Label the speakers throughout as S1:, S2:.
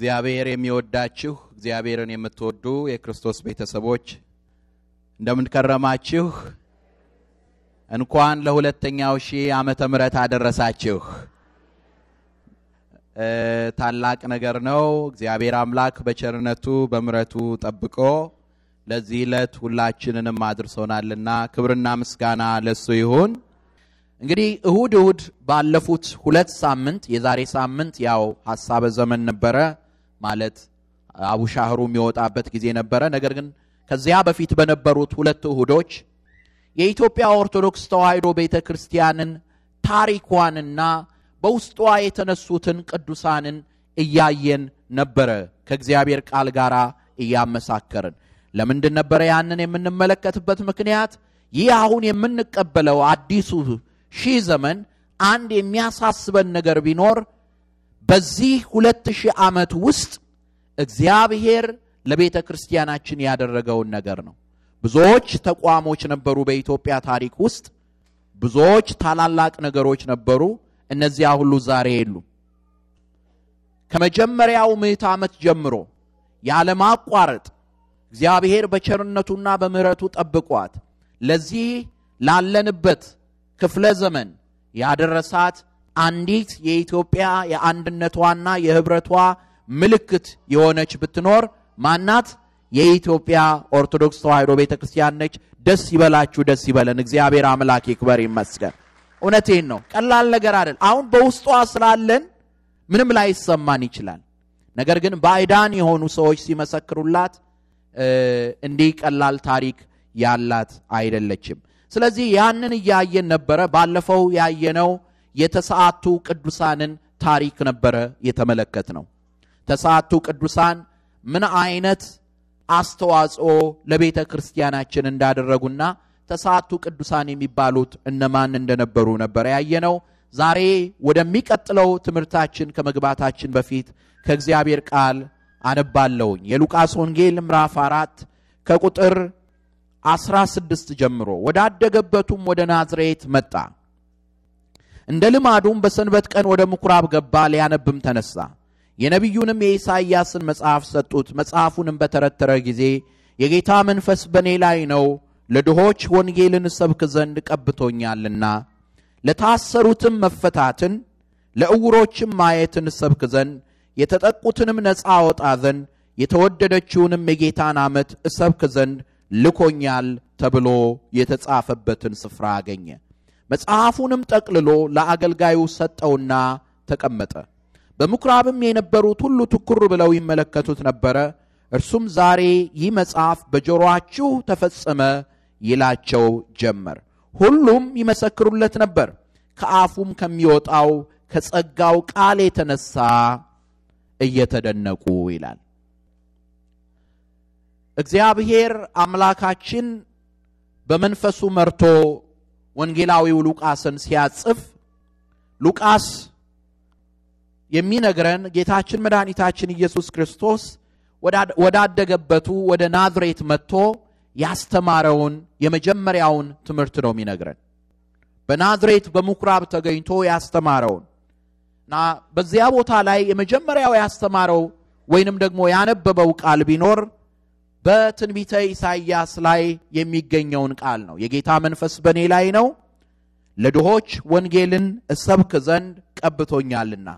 S1: እግዚአብሔር የሚወዳችሁ እግዚአብሔርን የምትወዱ የክርስቶስ ቤተሰቦች እንደምንከረማችሁ እንኳን ለሁለተኛው ሺህ ዓመተ ምሕረት አደረሳችሁ። ታላቅ ነገር ነው። እግዚአብሔር አምላክ በቸርነቱ በምሕረቱ ጠብቆ ለዚህ ዕለት ሁላችንንም አድርሶናልና ክብርና ምስጋና ለሱ ይሁን። እንግዲህ እሁድ እሁድ ባለፉት ሁለት ሳምንት የዛሬ ሳምንት ያው ሀሳበ ዘመን ነበረ። ማለት አቡሻህሩ የሚወጣበት ጊዜ ነበረ። ነገር ግን ከዚያ በፊት በነበሩት ሁለት እሁዶች የኢትዮጵያ ኦርቶዶክስ ተዋሕዶ ቤተ ክርስቲያንን ታሪኳንና በውስጧ የተነሱትን ቅዱሳንን እያየን ነበረ። ከእግዚአብሔር ቃል ጋር እያመሳከርን ለምንድን ነበረ ያንን የምንመለከትበት ምክንያት? ይህ አሁን የምንቀበለው አዲሱ ሺህ ዘመን አንድ የሚያሳስበን ነገር ቢኖር በዚህ ሁለት ሺህ ዓመት ውስጥ እግዚአብሔር ለቤተ ክርስቲያናችን ያደረገውን ነገር ነው። ብዙዎች ተቋሞች ነበሩ በኢትዮጵያ ታሪክ ውስጥ ብዙዎች ታላላቅ ነገሮች ነበሩ። እነዚያ ሁሉ ዛሬ የሉ። ከመጀመሪያው ምዕት ዓመት ጀምሮ ያለማቋረጥ እግዚአብሔር በቸርነቱና በምሕረቱ ጠብቋት ለዚህ ላለንበት ክፍለ ዘመን ያደረሳት አንዲት የኢትዮጵያ የአንድነቷና የህብረቷ ምልክት የሆነች ብትኖር ማናት? የኢትዮጵያ ኦርቶዶክስ ተዋሕዶ ቤተ ክርስቲያን ነች። ደስ ይበላችሁ፣ ደስ ይበለን። እግዚአብሔር አምላክ ይክበር ይመስገን። እውነቴን ነው። ቀላል ነገር አይደል። አሁን በውስጧ ስላለን ምንም ላይ ይሰማን ይችላል። ነገር ግን ባዕዳን የሆኑ ሰዎች ሲመሰክሩላት እንዲህ ቀላል ታሪክ ያላት አይደለችም። ስለዚህ ያንን እያየን ነበረ ባለፈው ያየነው የተሰዓቱ ቅዱሳንን ታሪክ ነበረ የተመለከት ነው። ተሰዓቱ ቅዱሳን ምን አይነት አስተዋጽኦ ለቤተ ክርስቲያናችን እንዳደረጉና ተሰዓቱ ቅዱሳን የሚባሉት እነማን እንደነበሩ ነበር ያየነው። ዛሬ ወደሚቀጥለው ትምህርታችን ከመግባታችን በፊት ከእግዚአብሔር ቃል አነባለውኝ የሉቃስ ወንጌል ምዕራፍ አራት ከቁጥር አስራ ስድስት ጀምሮ ወዳደገበቱም ወደ ናዝሬት መጣ እንደ ልማዱም በሰንበት ቀን ወደ ምኩራብ ገባ፣ ሊያነብም ተነሳ። የነቢዩንም የኢሳይያስን መጽሐፍ ሰጡት። መጽሐፉንም በተረተረ ጊዜ የጌታ መንፈስ በእኔ ላይ ነው፣ ለድሆች ወንጌልን እሰብክ ዘንድ ቀብቶኛልና፣ ለታሰሩትም መፈታትን፣ ለዕውሮችም ማየትን እሰብክ ዘንድ፣ የተጠቁትንም ነፃ አወጣ ዘንድ፣ የተወደደችውንም የጌታን ዓመት እሰብክ ዘንድ ልኮኛል ተብሎ የተጻፈበትን ስፍራ አገኘ። መጽሐፉንም ጠቅልሎ ለአገልጋዩ ሰጠውና ተቀመጠ። በምኩራብም የነበሩት ሁሉ ትኩር ብለው ይመለከቱት ነበረ። እርሱም ዛሬ ይህ መጽሐፍ በጆሮአችሁ ተፈጸመ ይላቸው ጀመር። ሁሉም ይመሰክሩለት ነበር። ከአፉም ከሚወጣው ከጸጋው ቃል የተነሳ እየተደነቁ ይላል። እግዚአብሔር አምላካችን በመንፈሱ መርቶ ወንጌላዊው ሉቃስን ሲያጽፍ ሉቃስ የሚነግረን ጌታችን መድኃኒታችን ኢየሱስ ክርስቶስ ወዳደገበቱ ወደ ናዝሬት መጥቶ ያስተማረውን የመጀመሪያውን ትምህርት ነው የሚነግረን በናዝሬት በምኩራብ ተገኝቶ ያስተማረውን እና በዚያ ቦታ ላይ የመጀመሪያው ያስተማረው ወይንም ደግሞ ያነበበው ቃል ቢኖር በትንቢተ ኢሳይያስ ላይ የሚገኘውን ቃል ነው። የጌታ መንፈስ በእኔ ላይ ነው፣ ለድሆች ወንጌልን እሰብክ ዘንድ ቀብቶኛልና፣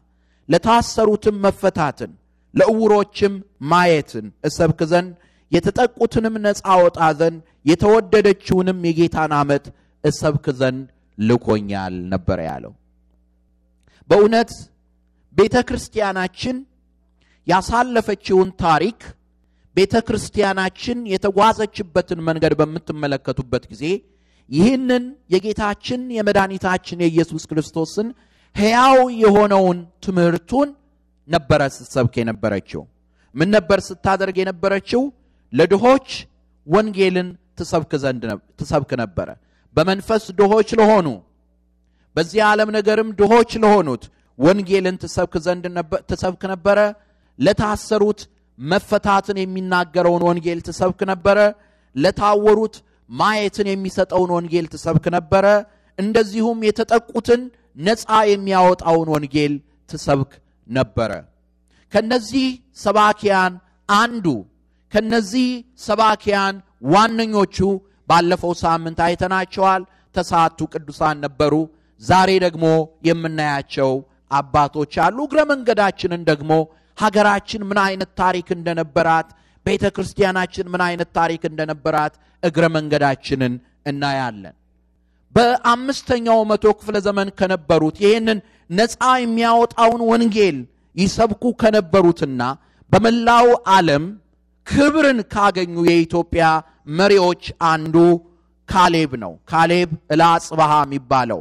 S1: ለታሰሩትም መፈታትን፣ ለዕውሮችም ማየትን እሰብክ ዘንድ የተጠቁትንም ነፃ ወጣ ዘንድ የተወደደችውንም የጌታን ዓመት እሰብክ ዘንድ ልኮኛል ነበር ያለው። በእውነት ቤተ ክርስቲያናችን ያሳለፈችውን ታሪክ ቤተ ክርስቲያናችን የተጓዘችበትን መንገድ በምትመለከቱበት ጊዜ ይህንን የጌታችን የመድኃኒታችን የኢየሱስ ክርስቶስን ሕያው የሆነውን ትምህርቱን ነበረ ስትሰብክ የነበረችው። ምን ነበር ስታደርግ የነበረችው? ለድሆች ወንጌልን ትሰብክ ዘንድ ትሰብክ ነበረ። በመንፈስ ድሆች ለሆኑ በዚህ ዓለም ነገርም ድሆች ለሆኑት ወንጌልን ትሰብክ ዘንድ ትሰብክ ነበረ። ለታሰሩት መፈታትን የሚናገረውን ወንጌል ትሰብክ ነበረ። ለታወሩት ማየትን የሚሰጠውን ወንጌል ትሰብክ ነበረ። እንደዚሁም የተጠቁትን ነፃ የሚያወጣውን ወንጌል ትሰብክ ነበረ። ከነዚህ ሰባኪያን አንዱ ከነዚህ ሰባኪያን ዋነኞቹ ባለፈው ሳምንት አይተናቸዋል፣ ተስዓቱ ቅዱሳን ነበሩ። ዛሬ ደግሞ የምናያቸው አባቶች አሉ። እግረ መንገዳችንን ደግሞ ሀገራችን ምን አይነት ታሪክ እንደነበራት ቤተ ክርስቲያናችን ምን አይነት ታሪክ እንደነበራት እግረ መንገዳችንን እናያለን በአምስተኛው መቶ ክፍለ ዘመን ከነበሩት ይህንን ነፃ የሚያወጣውን ወንጌል ይሰብኩ ከነበሩትና በመላው ዓለም ክብርን ካገኙ የኢትዮጵያ መሪዎች አንዱ ካሌብ ነው ካሌብ እላጽባሃ የሚባለው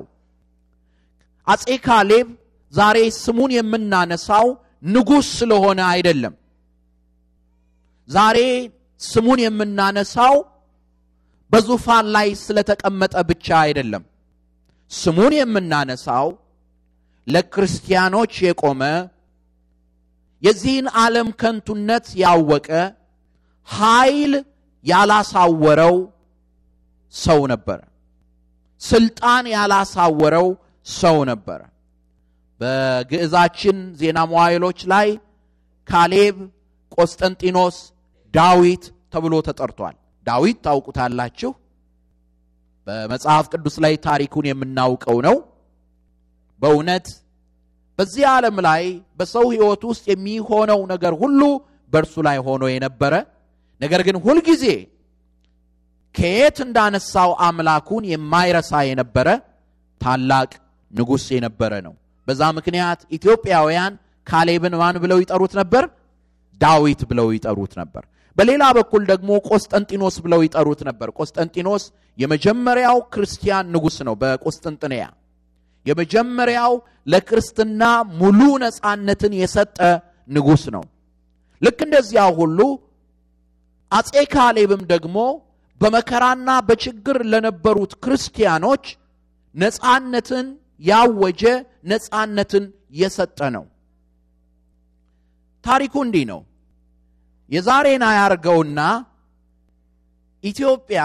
S1: አጼ ካሌብ ዛሬ ስሙን የምናነሳው ንጉሥ ስለሆነ አይደለም። ዛሬ ስሙን የምናነሳው በዙፋን ላይ ስለተቀመጠ ብቻ አይደለም። ስሙን የምናነሳው ለክርስቲያኖች የቆመ የዚህን ዓለም ከንቱነት ያወቀ ኃይል ያላሳወረው ሰው ነበረ። ስልጣን ያላሳወረው ሰው ነበረ። በግዕዛችን ዜና መዋዕሎች ላይ ካሌብ፣ ቆስጠንጢኖስ፣ ዳዊት ተብሎ ተጠርቷል። ዳዊት ታውቁታላችሁ። በመጽሐፍ ቅዱስ ላይ ታሪኩን የምናውቀው ነው። በእውነት በዚህ ዓለም ላይ በሰው ሕይወት ውስጥ የሚሆነው ነገር ሁሉ በእርሱ ላይ ሆኖ የነበረ ነገር ግን ሁልጊዜ ከየት እንዳነሳው አምላኩን የማይረሳ የነበረ ታላቅ ንጉሥ የነበረ ነው። በዛ ምክንያት ኢትዮጵያውያን ካሌብን ማን ብለው ይጠሩት ነበር? ዳዊት ብለው ይጠሩት ነበር። በሌላ በኩል ደግሞ ቆስጠንጢኖስ ብለው ይጠሩት ነበር። ቆስጠንጢኖስ የመጀመሪያው ክርስቲያን ንጉሥ ነው። በቆስጠንጥንያ የመጀመሪያው ለክርስትና ሙሉ ነፃነትን የሰጠ ንጉሥ ነው። ልክ እንደዚያ ሁሉ አፄ ካሌብም ደግሞ በመከራና በችግር ለነበሩት ክርስቲያኖች ነፃነትን ያወጀ ነፃነትን የሰጠ ነው ታሪኩ እንዲህ ነው የዛሬን አያርገውና ኢትዮጵያ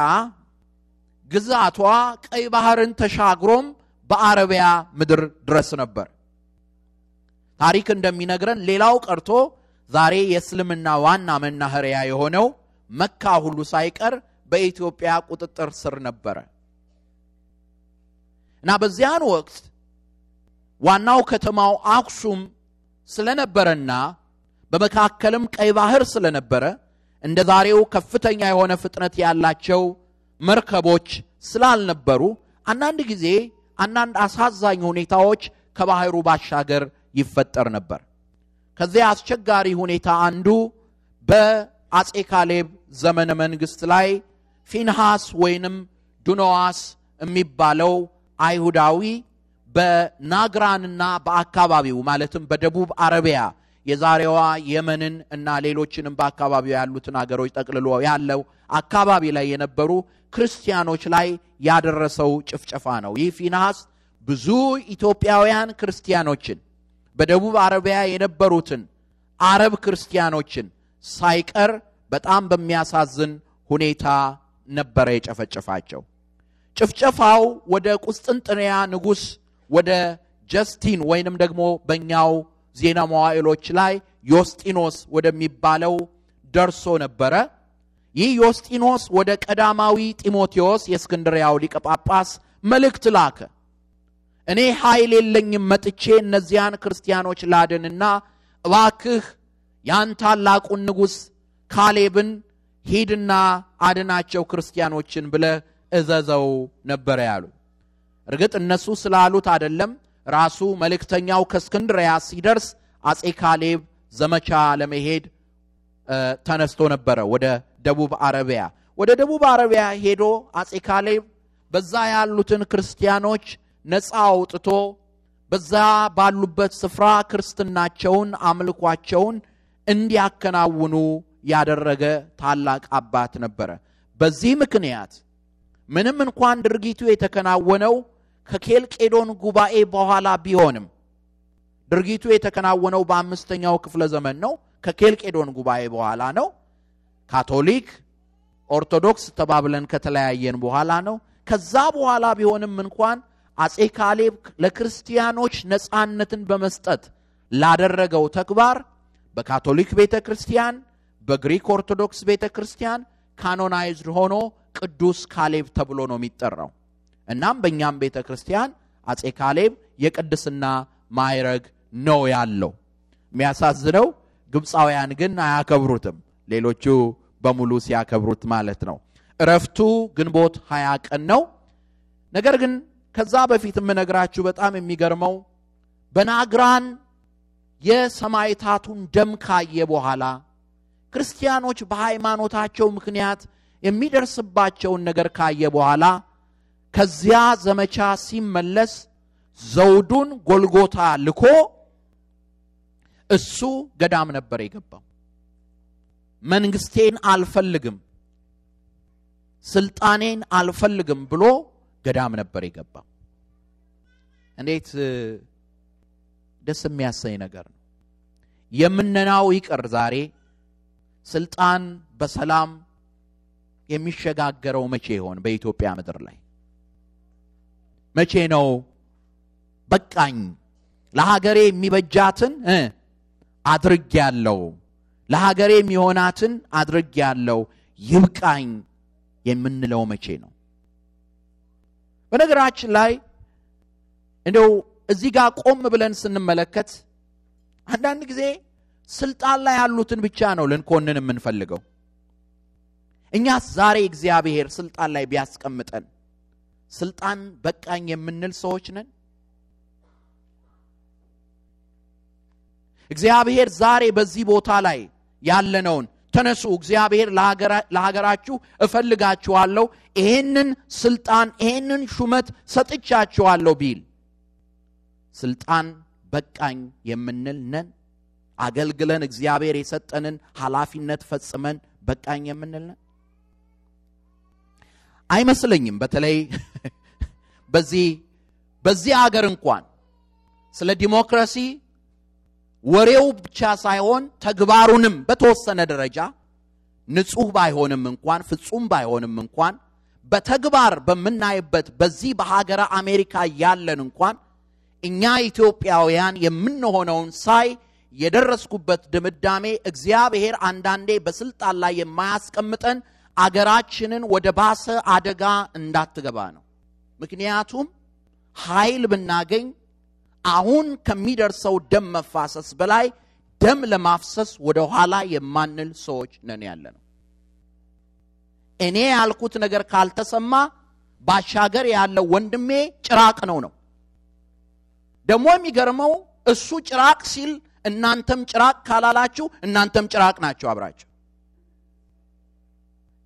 S1: ግዛቷ ቀይ ባህርን ተሻግሮም በአረቢያ ምድር ድረስ ነበር ታሪክ እንደሚነግረን ሌላው ቀርቶ ዛሬ የእስልምና ዋና መናኸሪያ የሆነው መካ ሁሉ ሳይቀር በኢትዮጵያ ቁጥጥር ስር ነበረ እና በዚያን ወቅት ዋናው ከተማው አክሱም ስለነበረና በመካከልም ቀይ ባህር ስለነበረ እንደ ዛሬው ከፍተኛ የሆነ ፍጥነት ያላቸው መርከቦች ስላልነበሩ አንዳንድ ጊዜ አንዳንድ አሳዛኝ ሁኔታዎች ከባህሩ ባሻገር ይፈጠር ነበር። ከዚያ አስቸጋሪ ሁኔታ አንዱ በአጼ ካሌብ ዘመነ መንግስት ላይ ፊንሃስ ወይንም ዱኖዋስ የሚባለው አይሁዳዊ በናግራንና በአካባቢው ማለትም በደቡብ አረቢያ የዛሬዋ የመንን እና ሌሎችንም በአካባቢው ያሉትን አገሮች ጠቅልሎ ያለው አካባቢ ላይ የነበሩ ክርስቲያኖች ላይ ያደረሰው ጭፍጨፋ ነው። ይህ ፊንሐስ ብዙ ኢትዮጵያውያን ክርስቲያኖችን በደቡብ አረቢያ የነበሩትን አረብ ክርስቲያኖችን ሳይቀር በጣም በሚያሳዝን ሁኔታ ነበረ የጨፈጨፋቸው። ጭፍጨፋው ወደ ቁስጥንጥንያ ንጉሥ ወደ ጀስቲን ወይንም ደግሞ በእኛው ዜና መዋዕሎች ላይ ዮስጢኖስ ወደሚባለው ደርሶ ነበረ። ይህ ዮስጢኖስ ወደ ቀዳማዊ ጢሞቴዎስ የእስክንድርያው ሊቀ ጳጳስ መልእክት ላከ። እኔ ኃይል የለኝም መጥቼ እነዚያን ክርስቲያኖች ላድንና እባክህ ያን ታላቁን ንጉሥ ካሌብን ሂድና አድናቸው ክርስቲያኖችን ብለህ እዘዘው ነበረ ያሉ። እርግጥ እነሱ ስላሉት አይደለም። ራሱ መልእክተኛው ከእስክንድሪያ ሲደርስ አጼ ካሌብ ዘመቻ ለመሄድ ተነስቶ ነበረ ወደ ደቡብ አረቢያ። ወደ ደቡብ አረቢያ ሄዶ አጼ ካሌብ በዛ ያሉትን ክርስቲያኖች ነፃ አውጥቶ በዛ ባሉበት ስፍራ ክርስትናቸውን፣ አምልኳቸውን እንዲያከናውኑ ያደረገ ታላቅ አባት ነበረ። በዚህ ምክንያት ምንም እንኳን ድርጊቱ የተከናወነው ከኬልቄዶን ጉባኤ በኋላ ቢሆንም ድርጊቱ የተከናወነው በአምስተኛው ክፍለ ዘመን ነው። ከኬልቄዶን ጉባኤ በኋላ ነው። ካቶሊክ ኦርቶዶክስ ተባብለን ከተለያየን በኋላ ነው። ከዛ በኋላ ቢሆንም እንኳን አጼ ካሌብ ለክርስቲያኖች ነፃነትን በመስጠት ላደረገው ተግባር በካቶሊክ ቤተ ክርስቲያን፣ በግሪክ ኦርቶዶክስ ቤተ ክርስቲያን ካኖናይዝድ ሆኖ ቅዱስ ካሌብ ተብሎ ነው የሚጠራው። እናም በእኛም ቤተ ክርስቲያን አጼ ካሌብ የቅድስና ማይረግ ነው ያለው። የሚያሳዝነው ግብፃውያን ግን አያከብሩትም። ሌሎቹ በሙሉ ሲያከብሩት ማለት ነው። እረፍቱ ግንቦት ሀያ ቀን ነው። ነገር ግን ከዛ በፊት የምነግራችሁ በጣም የሚገርመው በናግራን የሰማይታቱን ደም ካየ በኋላ ክርስቲያኖች በሃይማኖታቸው ምክንያት የሚደርስባቸውን ነገር ካየ በኋላ ከዚያ ዘመቻ ሲመለስ ዘውዱን ጎልጎታ ልኮ እሱ ገዳም ነበር የገባው። መንግስቴን አልፈልግም፣ ስልጣኔን አልፈልግም ብሎ ገዳም ነበር የገባው። እንዴት ደስ የሚያሰኝ ነገር ነው! የምነናው ይቅር ዛሬ ስልጣን በሰላም የሚሸጋገረው መቼ ይሆን? በኢትዮጵያ ምድር ላይ መቼ ነው በቃኝ ለሀገሬ የሚበጃትን አድርግ ያለው ለሀገሬ የሚሆናትን አድርግ ያለው ይብቃኝ የምንለው መቼ ነው? በነገራችን ላይ እንደው እዚህ ጋር ቆም ብለን ስንመለከት አንዳንድ ጊዜ ስልጣን ላይ ያሉትን ብቻ ነው ልንኮንን የምንፈልገው። እኛስ ዛሬ እግዚአብሔር ስልጣን ላይ ቢያስቀምጠን ስልጣን በቃኝ የምንል ሰዎች ነን? እግዚአብሔር ዛሬ በዚህ ቦታ ላይ ያለነውን ተነሱ፣ እግዚአብሔር ለሀገራችሁ እፈልጋችኋለሁ፣ ይሄንን ስልጣን ይሄንን ሹመት ሰጥቻችኋለሁ ቢል ስልጣን በቃኝ የምንል ነን? አገልግለን እግዚአብሔር የሰጠንን ኃላፊነት ፈጽመን በቃኝ የምንል ነን? አይመስለኝም። በተለይ በዚህ በዚህ አገር እንኳን ስለ ዲሞክራሲ ወሬው ብቻ ሳይሆን ተግባሩንም በተወሰነ ደረጃ ንጹህ ባይሆንም እንኳን ፍጹም ባይሆንም እንኳን በተግባር በምናይበት በዚህ በሀገረ አሜሪካ ያለን እንኳን እኛ ኢትዮጵያውያን የምንሆነውን ሳይ የደረስኩበት ድምዳሜ እግዚአብሔር አንዳንዴ በስልጣን ላይ የማያስቀምጠን አገራችንን ወደ ባሰ አደጋ እንዳትገባ ነው። ምክንያቱም ኃይል ብናገኝ አሁን ከሚደርሰው ደም መፋሰስ በላይ ደም ለማፍሰስ ወደ ኋላ የማንል ሰዎች ነን ያለ ነው። እኔ ያልኩት ነገር ካልተሰማ ባሻገር ያለው ወንድሜ ጭራቅ ነው ነው። ደግሞ የሚገርመው እሱ ጭራቅ ሲል እናንተም ጭራቅ ካላላችሁ እናንተም ጭራቅ ናቸው አብራችሁ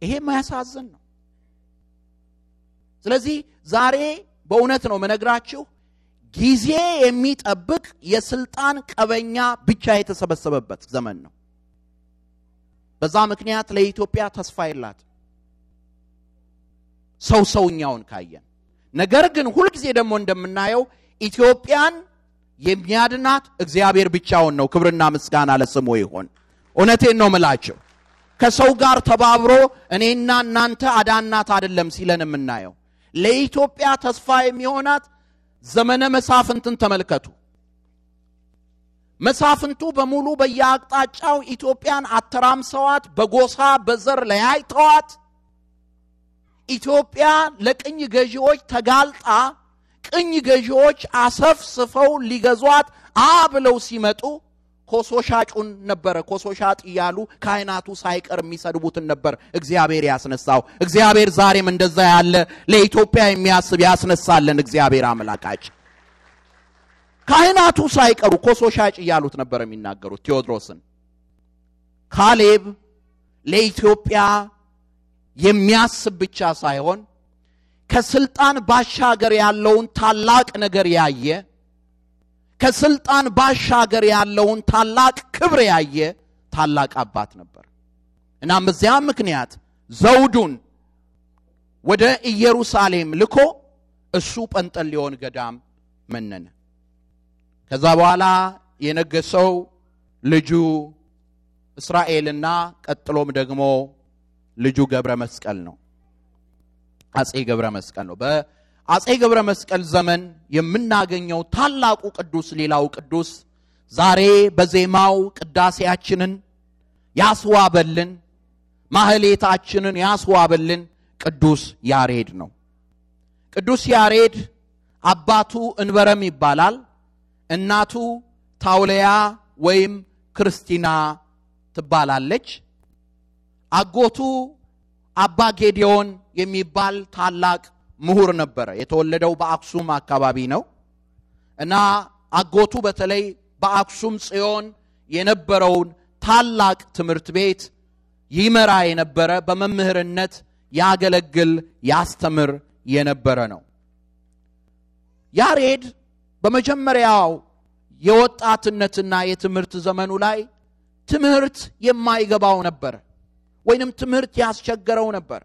S1: ይሄ የማያሳዝን ነው ስለዚህ ዛሬ በእውነት ነው መነግራችሁ ጊዜ የሚጠብቅ የስልጣን ቀበኛ ብቻ የተሰበሰበበት ዘመን ነው በዛ ምክንያት ለኢትዮጵያ ተስፋ የላት ሰው ሰውኛውን ካየን ነገር ግን ሁልጊዜ ደግሞ እንደምናየው ኢትዮጵያን የሚያድናት እግዚአብሔር ብቻውን ነው ክብርና ምስጋና ለስሙ ይሆን እውነቴን ነው ምላቸው ከሰው ጋር ተባብሮ እኔና እናንተ አዳናት አይደለም ሲለን የምናየው። ለኢትዮጵያ ተስፋ የሚሆናት ዘመነ መሳፍንትን ተመልከቱ። መሳፍንቱ በሙሉ በየአቅጣጫው ኢትዮጵያን አተራምሰዋት፣ በጎሳ በዘር ለያይተዋት፣ ኢትዮጵያ ለቅኝ ገዢዎች ተጋልጣ ቅኝ ገዢዎች አሰፍስፈው ሊገዟት አ ብለው ሲመጡ ኮሶ ሻጩን ነበረ። ኮሶ ሻጥ እያሉ ካህናቱ ሳይቀር የሚሰድቡትን ነበር እግዚአብሔር ያስነሳው። እግዚአብሔር ዛሬም እንደዛ ያለ ለኢትዮጵያ የሚያስብ ያስነሳለን። እግዚአብሔር አምላካችን ካህናቱ ሳይቀሩ ኮሶ ሻጭ እያሉት ነበር የሚናገሩት ቴዎድሮስን። ካሌብ ለኢትዮጵያ የሚያስብ ብቻ ሳይሆን ከስልጣን ባሻገር ያለውን ታላቅ ነገር ያየ ከስልጣን ባሻገር ያለውን ታላቅ ክብር ያየ ታላቅ አባት ነበር። እናም በዚያ ምክንያት ዘውዱን ወደ ኢየሩሳሌም ልኮ እሱ ጰንጠሌዎን ገዳም መነነ። ከዛ በኋላ የነገሰው ልጁ እስራኤልና ቀጥሎም ደግሞ ልጁ ገብረ መስቀል ነው። አጼ ገብረ መስቀል ነው። አጼ ገብረ መስቀል ዘመን የምናገኘው ታላቁ ቅዱስ ሌላው ቅዱስ ዛሬ በዜማው ቅዳሴያችንን ያስዋበልን ማህሌታችንን ያስዋበልን ቅዱስ ያሬድ ነው። ቅዱስ ያሬድ አባቱ እንበረም ይባላል። እናቱ ታውለያ ወይም ክርስቲና ትባላለች። አጎቱ አባ ጌዲዮን የሚባል ታላቅ ምሁር ነበረ። የተወለደው በአክሱም አካባቢ ነው እና አጎቱ በተለይ በአክሱም ጽዮን የነበረውን ታላቅ ትምህርት ቤት ይመራ የነበረ በመምህርነት ያገለግል ያስተምር የነበረ ነው። ያሬድ በመጀመሪያው የወጣትነትና የትምህርት ዘመኑ ላይ ትምህርት የማይገባው ነበር፣ ወይንም ትምህርት ያስቸገረው ነበር።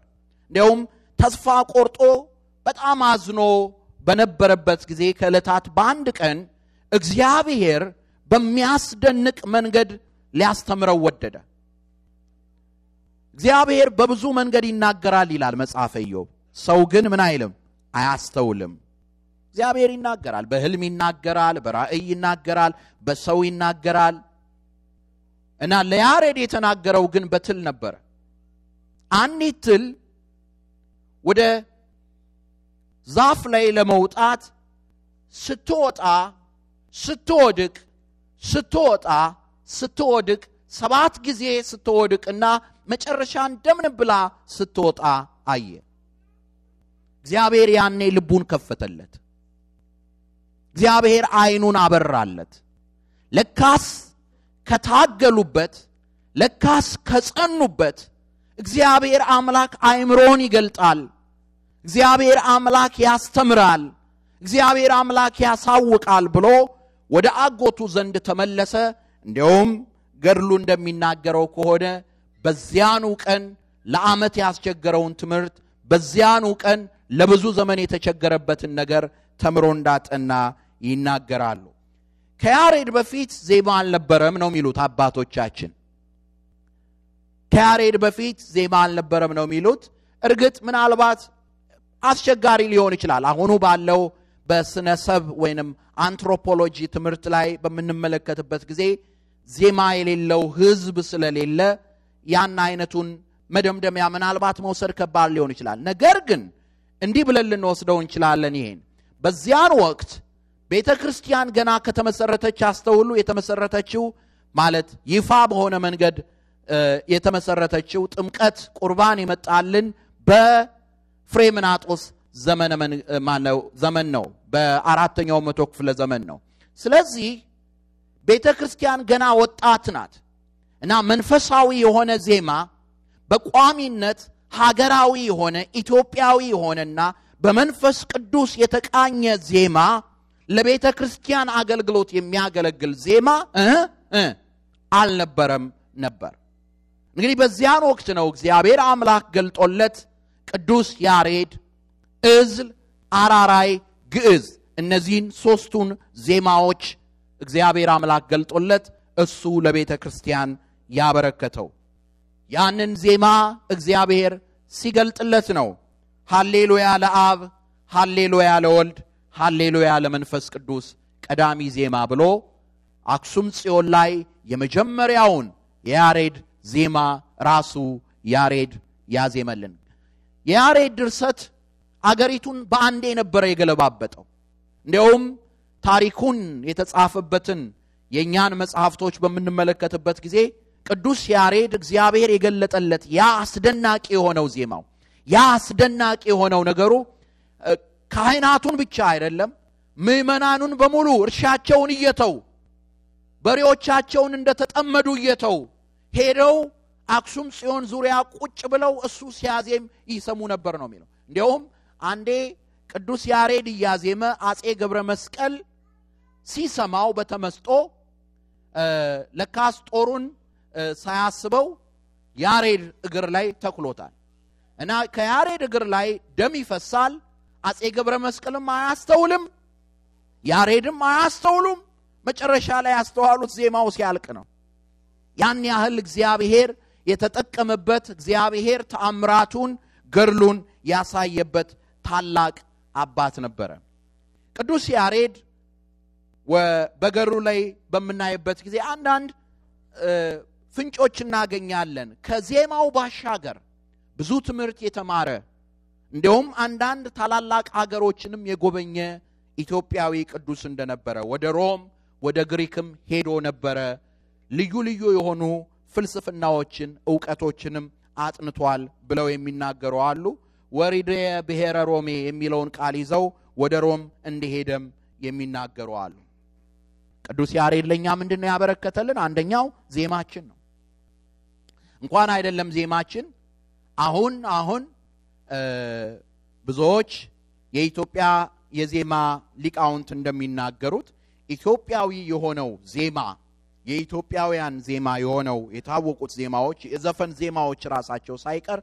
S1: እንዲያውም ተስፋ ቆርጦ በጣም አዝኖ በነበረበት ጊዜ ከዕለታት በአንድ ቀን እግዚአብሔር በሚያስደንቅ መንገድ ሊያስተምረው ወደደ። እግዚአብሔር በብዙ መንገድ ይናገራል ይላል መጽሐፈ ኢዮብ። ሰው ግን ምን አይልም አያስተውልም። እግዚአብሔር ይናገራል። በህልም ይናገራል፣ በራእይ ይናገራል፣ በሰው ይናገራል እና ለያሬድ የተናገረው ግን በትል ነበረ። አንዲት ትል ወደ ዛፍ ላይ ለመውጣት ስትወጣ፣ ስትወድቅ፣ ስትወጣ፣ ስትወድቅ ሰባት ጊዜ ስትወድቅና መጨረሻ እንደምን ብላ ስትወጣ አየ። እግዚአብሔር ያኔ ልቡን ከፈተለት። እግዚአብሔር አይኑን አበራለት። ለካስ ከታገሉበት፣ ለካስ ከጸኑበት እግዚአብሔር አምላክ አእምሮን ይገልጣል። እግዚአብሔር አምላክ ያስተምራል፣ እግዚአብሔር አምላክ ያሳውቃል ብሎ ወደ አጎቱ ዘንድ ተመለሰ። እንዲሁም ገድሉ እንደሚናገረው ከሆነ በዚያኑ ቀን ለአመት ያስቸገረውን ትምህርት በዚያኑ ቀን ለብዙ ዘመን የተቸገረበትን ነገር ተምሮ እንዳጠና ይናገራሉ። ከያሬድ በፊት ዜማ አልነበረም ነው የሚሉት አባቶቻችን። ከያሬድ በፊት ዜማ አልነበረም ነው የሚሉት። እርግጥ ምናልባት አስቸጋሪ ሊሆን ይችላል። አሁኑ ባለው በስነሰብ ወይንም አንትሮፖሎጂ ትምህርት ላይ በምንመለከትበት ጊዜ ዜማ የሌለው ህዝብ ስለሌለ ያን አይነቱን መደምደሚያ ምናልባት መውሰድ ከባድ ሊሆን ይችላል። ነገር ግን እንዲህ ብለን ልንወስደው እንችላለን። ይሄን በዚያን ወቅት ቤተ ክርስቲያን ገና ከተመሰረተች አስተውሉ፣ የተመሰረተችው ማለት ይፋ በሆነ መንገድ የተመሰረተችው ጥምቀት ቁርባን ይመጣልን በ ፍሬምናጦስ ዘመን ነው። በአራተኛው መቶ ክፍለ ዘመን ነው። ስለዚህ ቤተ ክርስቲያን ገና ወጣት ናት እና መንፈሳዊ የሆነ ዜማ በቋሚነት ሀገራዊ የሆነ ኢትዮጵያዊ የሆነና በመንፈስ ቅዱስ የተቃኘ ዜማ ለቤተ ክርስቲያን አገልግሎት የሚያገለግል ዜማ አልነበረም ነበር። እንግዲህ በዚያን ወቅት ነው እግዚአብሔር አምላክ ገልጦለት ቅዱስ ያሬድ እዝል፣ አራራይ፣ ግዕዝ እነዚህን ሦስቱን ዜማዎች እግዚአብሔር አምላክ ገልጦለት እሱ ለቤተ ክርስቲያን ያበረከተው ያንን ዜማ እግዚአብሔር ሲገልጥለት ነው። ሃሌሉያ ለአብ፣ ሃሌሉያ ለወልድ፣ ሃሌሉያ ለመንፈስ ቅዱስ ቀዳሚ ዜማ ብሎ አክሱም ጽዮን ላይ የመጀመሪያውን የያሬድ ዜማ ራሱ ያሬድ ያዜመልን። የያሬድ ድርሰት አገሪቱን በአንዴ ነበረ የገለባበጠው። እንዲያውም ታሪኩን የተጻፈበትን የእኛን መጽሐፍቶች በምንመለከትበት ጊዜ ቅዱስ ያሬድ እግዚአብሔር የገለጠለት ያ አስደናቂ የሆነው ዜማው፣ ያ አስደናቂ የሆነው ነገሩ ካህናቱን ብቻ አይደለም ምዕመናኑን በሙሉ እርሻቸውን እየተው በሬዎቻቸውን እንደተጠመዱ እየተው ሄደው አክሱም ጽዮን ዙሪያ ቁጭ ብለው እሱ ሲያዜም ይሰሙ ነበር ነው የሚለው እንዲያውም አንዴ ቅዱስ ያሬድ እያዜመ አጼ ገብረ መስቀል ሲሰማው በተመስጦ ለካስ ጦሩን ሳያስበው ያሬድ እግር ላይ ተክሎታል እና ከያሬድ እግር ላይ ደም ይፈሳል አጼ ገብረ መስቀልም አያስተውልም ያሬድም አያስተውሉም መጨረሻ ላይ ያስተዋሉት ዜማው ሲያልቅ ነው ያን ያህል እግዚአብሔር የተጠቀመበት እግዚአብሔር ተአምራቱን ገድሉን ያሳየበት ታላቅ አባት ነበረ ቅዱስ ያሬድ በገሩ ላይ በምናይበት ጊዜ አንዳንድ ፍንጮች እናገኛለን ከዜማው ባሻገር ብዙ ትምህርት የተማረ እንዲሁም አንዳንድ ታላላቅ አገሮችንም የጎበኘ ኢትዮጵያዊ ቅዱስ እንደነበረ ወደ ሮም ወደ ግሪክም ሄዶ ነበረ ልዩ ልዩ የሆኑ ፍልስፍናዎችን እውቀቶችንም አጥንቷል ብለው የሚናገሩ አሉ። ወሪደ ብሔረ ሮሜ የሚለውን ቃል ይዘው ወደ ሮም እንደሄደም የሚናገሩ አሉ። ቅዱስ ያሬድ ለእኛ ምንድን ነው ያበረከተልን? አንደኛው ዜማችን ነው። እንኳን አይደለም ዜማችን አሁን አሁን ብዙዎች የኢትዮጵያ የዜማ ሊቃውንት እንደሚናገሩት ኢትዮጵያዊ የሆነው ዜማ የኢትዮጵያውያን ዜማ የሆነው የታወቁት ዜማዎች የዘፈን ዜማዎች ራሳቸው ሳይቀር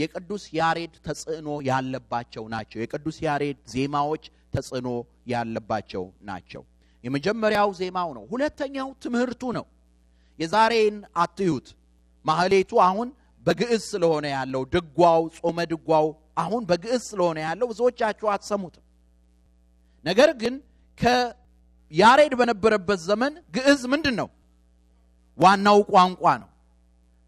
S1: የቅዱስ ያሬድ ተጽዕኖ ያለባቸው ናቸው። የቅዱስ ያሬድ ዜማዎች ተጽዕኖ ያለባቸው ናቸው። የመጀመሪያው ዜማው ነው። ሁለተኛው ትምህርቱ ነው። የዛሬን አትዩት። ማህሌቱ አሁን በግዕዝ ስለሆነ ያለው ድጓው፣ ጾመ ድጓው አሁን በግዕዝ ስለሆነ ያለው ብዙዎቻችሁ አትሰሙትም። ነገር ግን ከያሬድ በነበረበት ዘመን ግዕዝ ምንድን ነው? ዋናው ቋንቋ ነው።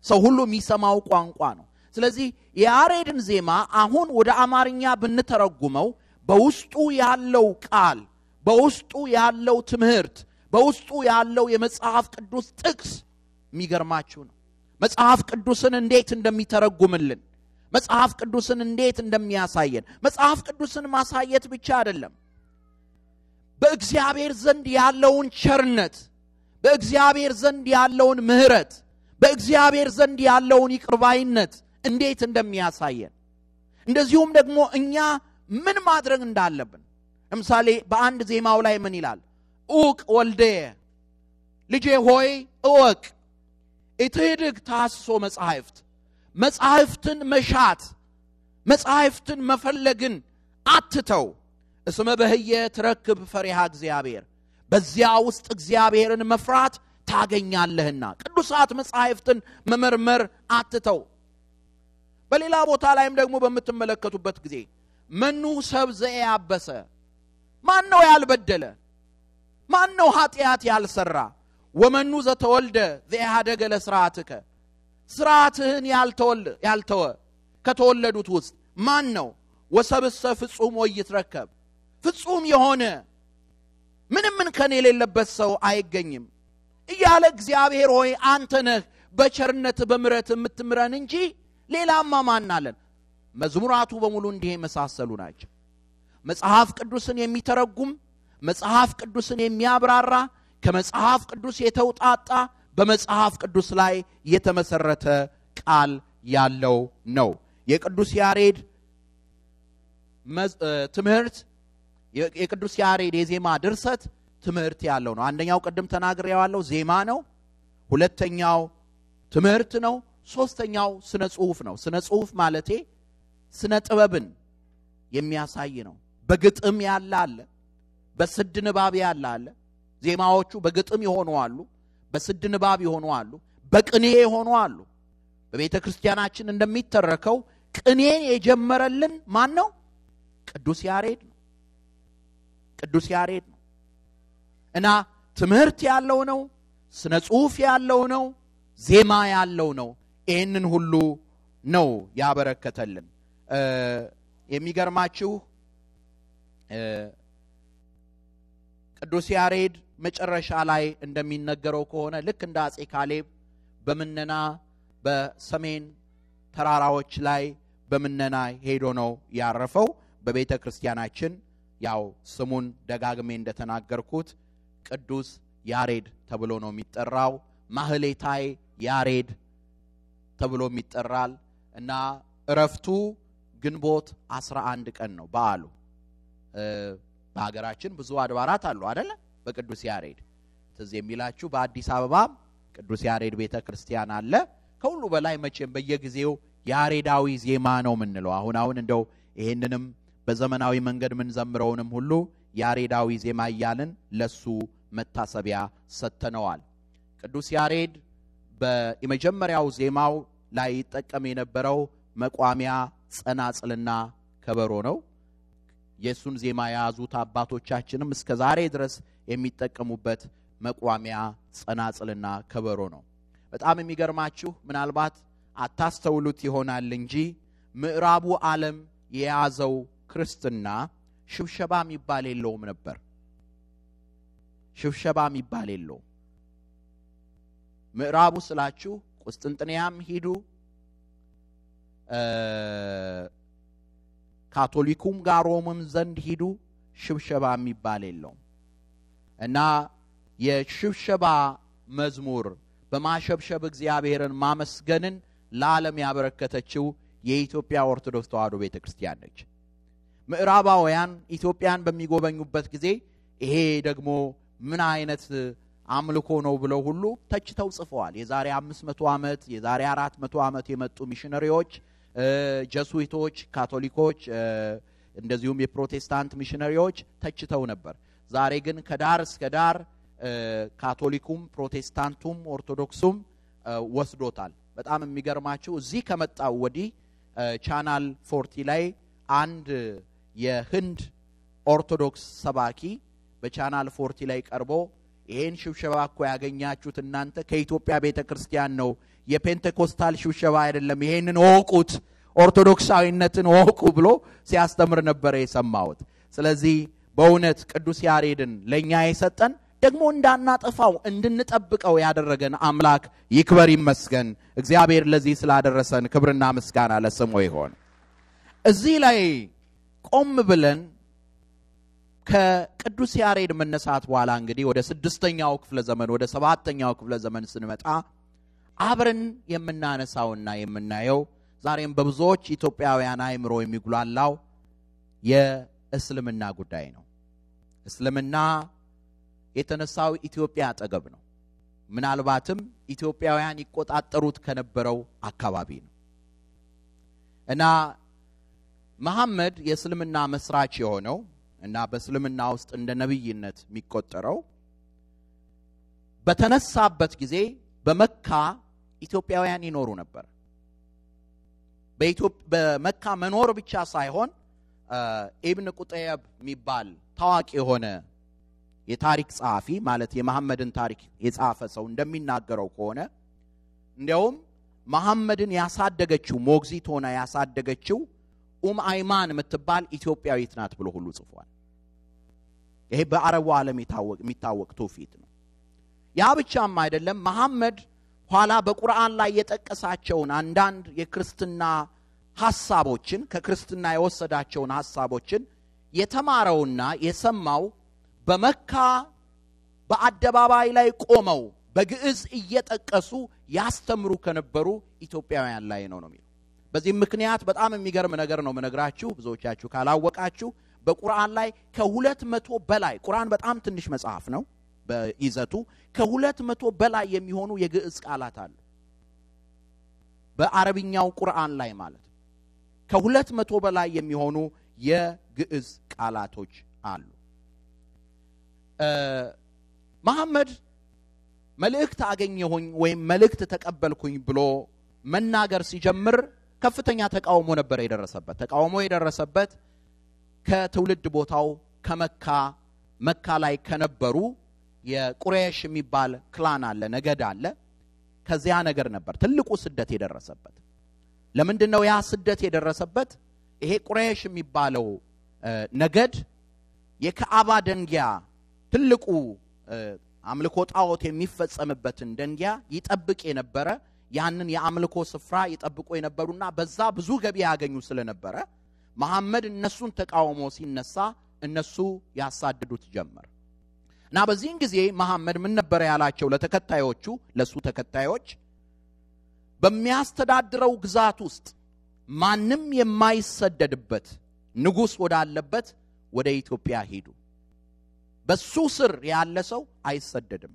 S1: ሰው ሁሉ የሚሰማው ቋንቋ ነው። ስለዚህ የአሬድን ዜማ አሁን ወደ አማርኛ ብንተረጉመው በውስጡ ያለው ቃል፣ በውስጡ ያለው ትምህርት፣ በውስጡ ያለው የመጽሐፍ ቅዱስ ጥቅስ የሚገርማችሁ ነው። መጽሐፍ ቅዱስን እንዴት እንደሚተረጉምልን፣ መጽሐፍ ቅዱስን እንዴት እንደሚያሳየን፣ መጽሐፍ ቅዱስን ማሳየት ብቻ አይደለም በእግዚአብሔር ዘንድ ያለውን ቸርነት በእግዚአብሔር ዘንድ ያለውን ምህረት በእግዚአብሔር ዘንድ ያለውን ይቅርባይነት እንዴት እንደሚያሳየን እንደዚሁም ደግሞ እኛ ምን ማድረግ እንዳለብን ለምሳሌ በአንድ ዜማው ላይ ምን ይላል ኡቅ ወልዴ ልጄ ሆይ እወቅ እትህድግ ታስሶ መጻሕፍት መጻሕፍትን መሻት መጻሕፍትን መፈለግን አትተው እስመ በህየ ትረክብ ፈሪሃ እግዚአብሔር በዚያ ውስጥ እግዚአብሔርን መፍራት ታገኛለህና ቅዱሳት መጻሕፍትን መመርመር አትተው። በሌላ ቦታ ላይም ደግሞ በምትመለከቱበት ጊዜ መኑ ሰብዘ ያበሰ ማን ነው ያልበደለ? ማን ነው ኃጢአት ያልሰራ? ወመኑ ዘተወልደ ዘያደገ ለስርዓትከ፣ ስርዓትህን ያልተወ ከተወለዱት ውስጥ ማን ነው? ወሰብሰ ፍጹም ወይትረከብ፣ ፍጹም የሆነ ምንም ከኔ የሌለበት ሰው አይገኝም እያለ እግዚአብሔር ሆይ አንተ ነህ በቸርነት በምረት የምትምረን እንጂ ሌላማ ማናለን። አለን መዝሙራቱ በሙሉ እንዲህ የመሳሰሉ ናቸው መጽሐፍ ቅዱስን የሚተረጉም መጽሐፍ ቅዱስን የሚያብራራ ከመጽሐፍ ቅዱስ የተውጣጣ በመጽሐፍ ቅዱስ ላይ የተመሰረተ ቃል ያለው ነው የቅዱስ ያሬድ ትምህርት የቅዱስ ያሬድ የዜማ ድርሰት ትምህርት ያለው ነው። አንደኛው ቅድም ተናግሬዋለሁ፣ ዜማ ነው። ሁለተኛው ትምህርት ነው። ሶስተኛው ስነ ጽሁፍ ነው። ስነ ጽሁፍ ማለቴ ስነ ጥበብን የሚያሳይ ነው። በግጥም ያለ አለ፣ በስድ ንባብ ያለ አለ። ዜማዎቹ በግጥም የሆኑ አሉ፣ በስድ ንባብ የሆኑ አሉ፣ በቅኔ የሆኑ አሉ። በቤተ ክርስቲያናችን እንደሚተረከው ቅኔ የጀመረልን ማን ነው? ቅዱስ ያሬድ ነው። ቅዱስ ያሬድ ነው እና ትምህርት ያለው ነው ስነ ጽሁፍ ያለው ነው ዜማ ያለው ነው ይህንን ሁሉ ነው ያበረከተልን የሚገርማችሁ ቅዱስ ያሬድ መጨረሻ ላይ እንደሚነገረው ከሆነ ልክ እንደ አጼ ካሌብ በምነና በሰሜን ተራራዎች ላይ በምነና ሄዶ ነው ያረፈው በቤተ ክርስቲያናችን ያው ስሙን ደጋግሜ እንደተናገርኩት ቅዱስ ያሬድ ተብሎ ነው የሚጠራው። ማህሌታይ ያሬድ ተብሎ ይጠራል እና እረፍቱ ግንቦት 11 ቀን ነው በዓሉ። በሀገራችን ብዙ አድባራት አሉ አደለ? በቅዱስ ያሬድ ትዝ የሚላችሁ በአዲስ አበባ ቅዱስ ያሬድ ቤተ ክርስቲያን አለ። ከሁሉ በላይ መቼም በየጊዜው ያሬዳዊ ዜማ ነው ምንለው። አሁን አሁን እንደው ይህንንም በዘመናዊ መንገድ ምንዘምረውንም ሁሉ ያሬዳዊ ዜማ እያልን ለሱ መታሰቢያ ሰጥተነዋል። ቅዱስ ያሬድ በመጀመሪያው ዜማው ላይ ይጠቀም የነበረው መቋሚያ ጸናጽልና ከበሮ ነው። የእሱን ዜማ የያዙት አባቶቻችንም እስከ ዛሬ ድረስ የሚጠቀሙበት መቋሚያ ጸናጽልና ከበሮ ነው። በጣም የሚገርማችሁ ምናልባት አታስተውሉት ይሆናል እንጂ ምዕራቡ ዓለም የያዘው ክርስትና ሽብሸባ የሚባል የለውም ነበር። ሽብሸባ የሚባል የለውም። ምዕራቡ ስላችሁ ቁስጥንጥንያም ሂዱ፣ ካቶሊኩም ጋር ሮምም ዘንድ ሂዱ፣ ሽብሸባ የሚባል የለውም እና የሽብሸባ መዝሙር በማሸብሸብ እግዚአብሔርን ማመስገንን ለዓለም ያበረከተችው የኢትዮጵያ ኦርቶዶክስ ተዋሕዶ ቤተ ክርስቲያን ነች። ምዕራባውያን ኢትዮጵያን በሚጎበኙበት ጊዜ ይሄ ደግሞ ምን አይነት አምልኮ ነው ብለው ሁሉ ተችተው ጽፈዋል። የዛሬ አምስት መቶ ዓመት የዛሬ አራት መቶ ዓመት የመጡ ሚሽነሪዎች፣ ጀሱይቶች ካቶሊኮች እንደዚሁም የፕሮቴስታንት ሚሽነሪዎች ተችተው ነበር። ዛሬ ግን ከዳር እስከ ዳር ካቶሊኩም፣ ፕሮቴስታንቱም፣ ኦርቶዶክሱም ወስዶታል። በጣም የሚገርማችሁ እዚህ ከመጣው ወዲህ ቻናል ፎርቲ ላይ አንድ የህንድ ኦርቶዶክስ ሰባኪ በቻናል ፎርቲ ላይ ቀርቦ ይሄን ሽብሸባ እኮ ያገኛችሁት እናንተ ከኢትዮጵያ ቤተ ክርስቲያን ነው፣ የፔንቴኮስታል ሽብሸባ አይደለም፣ ይሄንን ወቁት፣ ኦርቶዶክሳዊነትን ወቁ ብሎ ሲያስተምር ነበረ የሰማሁት። ስለዚህ በእውነት ቅዱስ ያሬድን ለእኛ የሰጠን ደግሞ እንዳናጠፋው እንድንጠብቀው ያደረገን አምላክ ይክበር ይመስገን። እግዚአብሔር ለዚህ ስላደረሰን ክብርና ምስጋና ለስሙ ይሆን። እዚህ ላይ ቆም ብለን ከቅዱስ ያሬድ መነሳት በኋላ እንግዲህ ወደ ስድስተኛው ክፍለ ዘመን ወደ ሰባተኛው ክፍለ ዘመን ስንመጣ አብረን የምናነሳውና የምናየው ዛሬም በብዙዎች ኢትዮጵያውያን አእምሮ የሚጉላላው የእስልምና ጉዳይ ነው። እስልምና የተነሳው ኢትዮጵያ አጠገብ ነው። ምናልባትም ኢትዮጵያውያን ይቆጣጠሩት ከነበረው አካባቢ ነው እና መሐመድ የእስልምና መስራች የሆነው እና በእስልምና ውስጥ እንደ ነቢይነት የሚቆጠረው በተነሳበት ጊዜ በመካ ኢትዮጵያውያን ይኖሩ ነበር። በመካ መኖር ብቻ ሳይሆን ኢብን ቁጠየብ የሚባል ታዋቂ የሆነ የታሪክ ጸሐፊ ማለት የመሐመድን ታሪክ የጻፈ ሰው እንደሚናገረው ከሆነ እንዲያውም መሐመድን ያሳደገችው ሞግዚት ሆና ያሳደገችው ኡም አይማን የምትባል ኢትዮጵያዊት ናት ብሎ ሁሉ ጽፏል። ይሄ በአረቡ ዓለም የሚታወቅ ትውፊት ነው። ያ ብቻም አይደለም። መሐመድ ኋላ በቁርአን ላይ የጠቀሳቸውን አንዳንድ የክርስትና ሐሳቦችን ከክርስትና የወሰዳቸውን ሐሳቦችን የተማረውና የሰማው በመካ በአደባባይ ላይ ቆመው በግዕዝ እየጠቀሱ ያስተምሩ ከነበሩ ኢትዮጵያውያን ላይ ነው ነው በዚህም ምክንያት በጣም የሚገርም ነገር ነው ምነግራችሁ። ብዙዎቻችሁ ካላወቃችሁ በቁርአን ላይ ከሁለት መቶ በላይ ቁርአን በጣም ትንሽ መጽሐፍ ነው በይዘቱ ከሁለት መቶ በላይ የሚሆኑ የግዕዝ ቃላት አሉ። በአረብኛው ቁርአን ላይ ማለት ከሁለት መቶ በላይ የሚሆኑ የግዕዝ ቃላቶች አሉ። መሐመድ መልእክት አገኘሁኝ ወይም መልእክት ተቀበልኩኝ ብሎ መናገር ሲጀምር ከፍተኛ ተቃውሞ ነበር የደረሰበት። ተቃውሞ የደረሰበት ከትውልድ ቦታው ከመካ መካ ላይ ከነበሩ የቁሬሽ የሚባል ክላን አለ፣ ነገድ አለ። ከዚያ ነገር ነበር ትልቁ ስደት የደረሰበት። ለምንድን ነው ያ ስደት የደረሰበት? ይሄ ቁሬሽ የሚባለው ነገድ የከአባ ደንጊያ ትልቁ አምልኮ ጣዖት የሚፈጸምበትን ደንጊያ ይጠብቅ የነበረ ያንን የአምልኮ ስፍራ ይጠብቁ የነበሩና በዛ ብዙ ገቢ ያገኙ ስለነበረ መሐመድ እነሱን ተቃውሞ ሲነሳ እነሱ ያሳድዱት ጀመር እና በዚህን ጊዜ መሐመድ ምን ነበረ ያላቸው ለተከታዮቹ ለሱ ተከታዮች በሚያስተዳድረው ግዛት ውስጥ ማንም የማይሰደድበት ንጉሥ ወዳለበት ወደ ኢትዮጵያ ሄዱ። በሱ ስር ያለ ሰው አይሰደድም።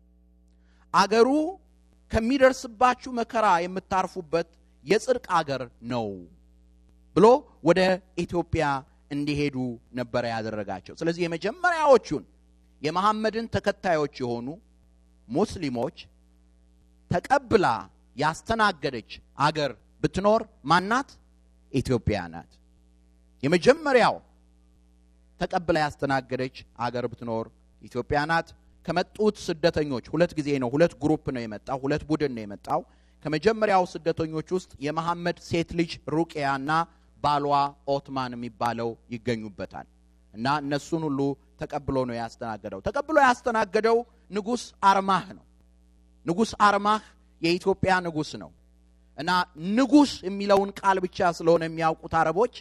S1: አገሩ ከሚደርስባችሁ መከራ የምታርፉበት የጽድቅ አገር ነው ብሎ ወደ ኢትዮጵያ እንዲሄዱ ነበረ ያደረጋቸው። ስለዚህ የመጀመሪያዎቹን የመሐመድን ተከታዮች የሆኑ ሙስሊሞች ተቀብላ ያስተናገደች አገር ብትኖር ማናት? ኢትዮጵያ ናት። የመጀመሪያው ተቀብላ ያስተናገደች አገር ብትኖር ኢትዮጵያ ናት። ከመጡት ስደተኞች ሁለት ጊዜ ነው፣ ሁለት ግሩፕ ነው የመጣው፣ ሁለት ቡድን ነው የመጣው። ከመጀመሪያው ስደተኞች ውስጥ የመሐመድ ሴት ልጅ ሩቅያና ባሏ ኦትማን የሚባለው ይገኙበታል። እና እነሱን ሁሉ ተቀብሎ ነው ያስተናገደው። ተቀብሎ ያስተናገደው ንጉስ አርማህ ነው። ንጉስ አርማህ የኢትዮጵያ ንጉስ ነው። እና ንጉስ የሚለውን ቃል ብቻ ስለሆነ የሚያውቁት አረቦች፣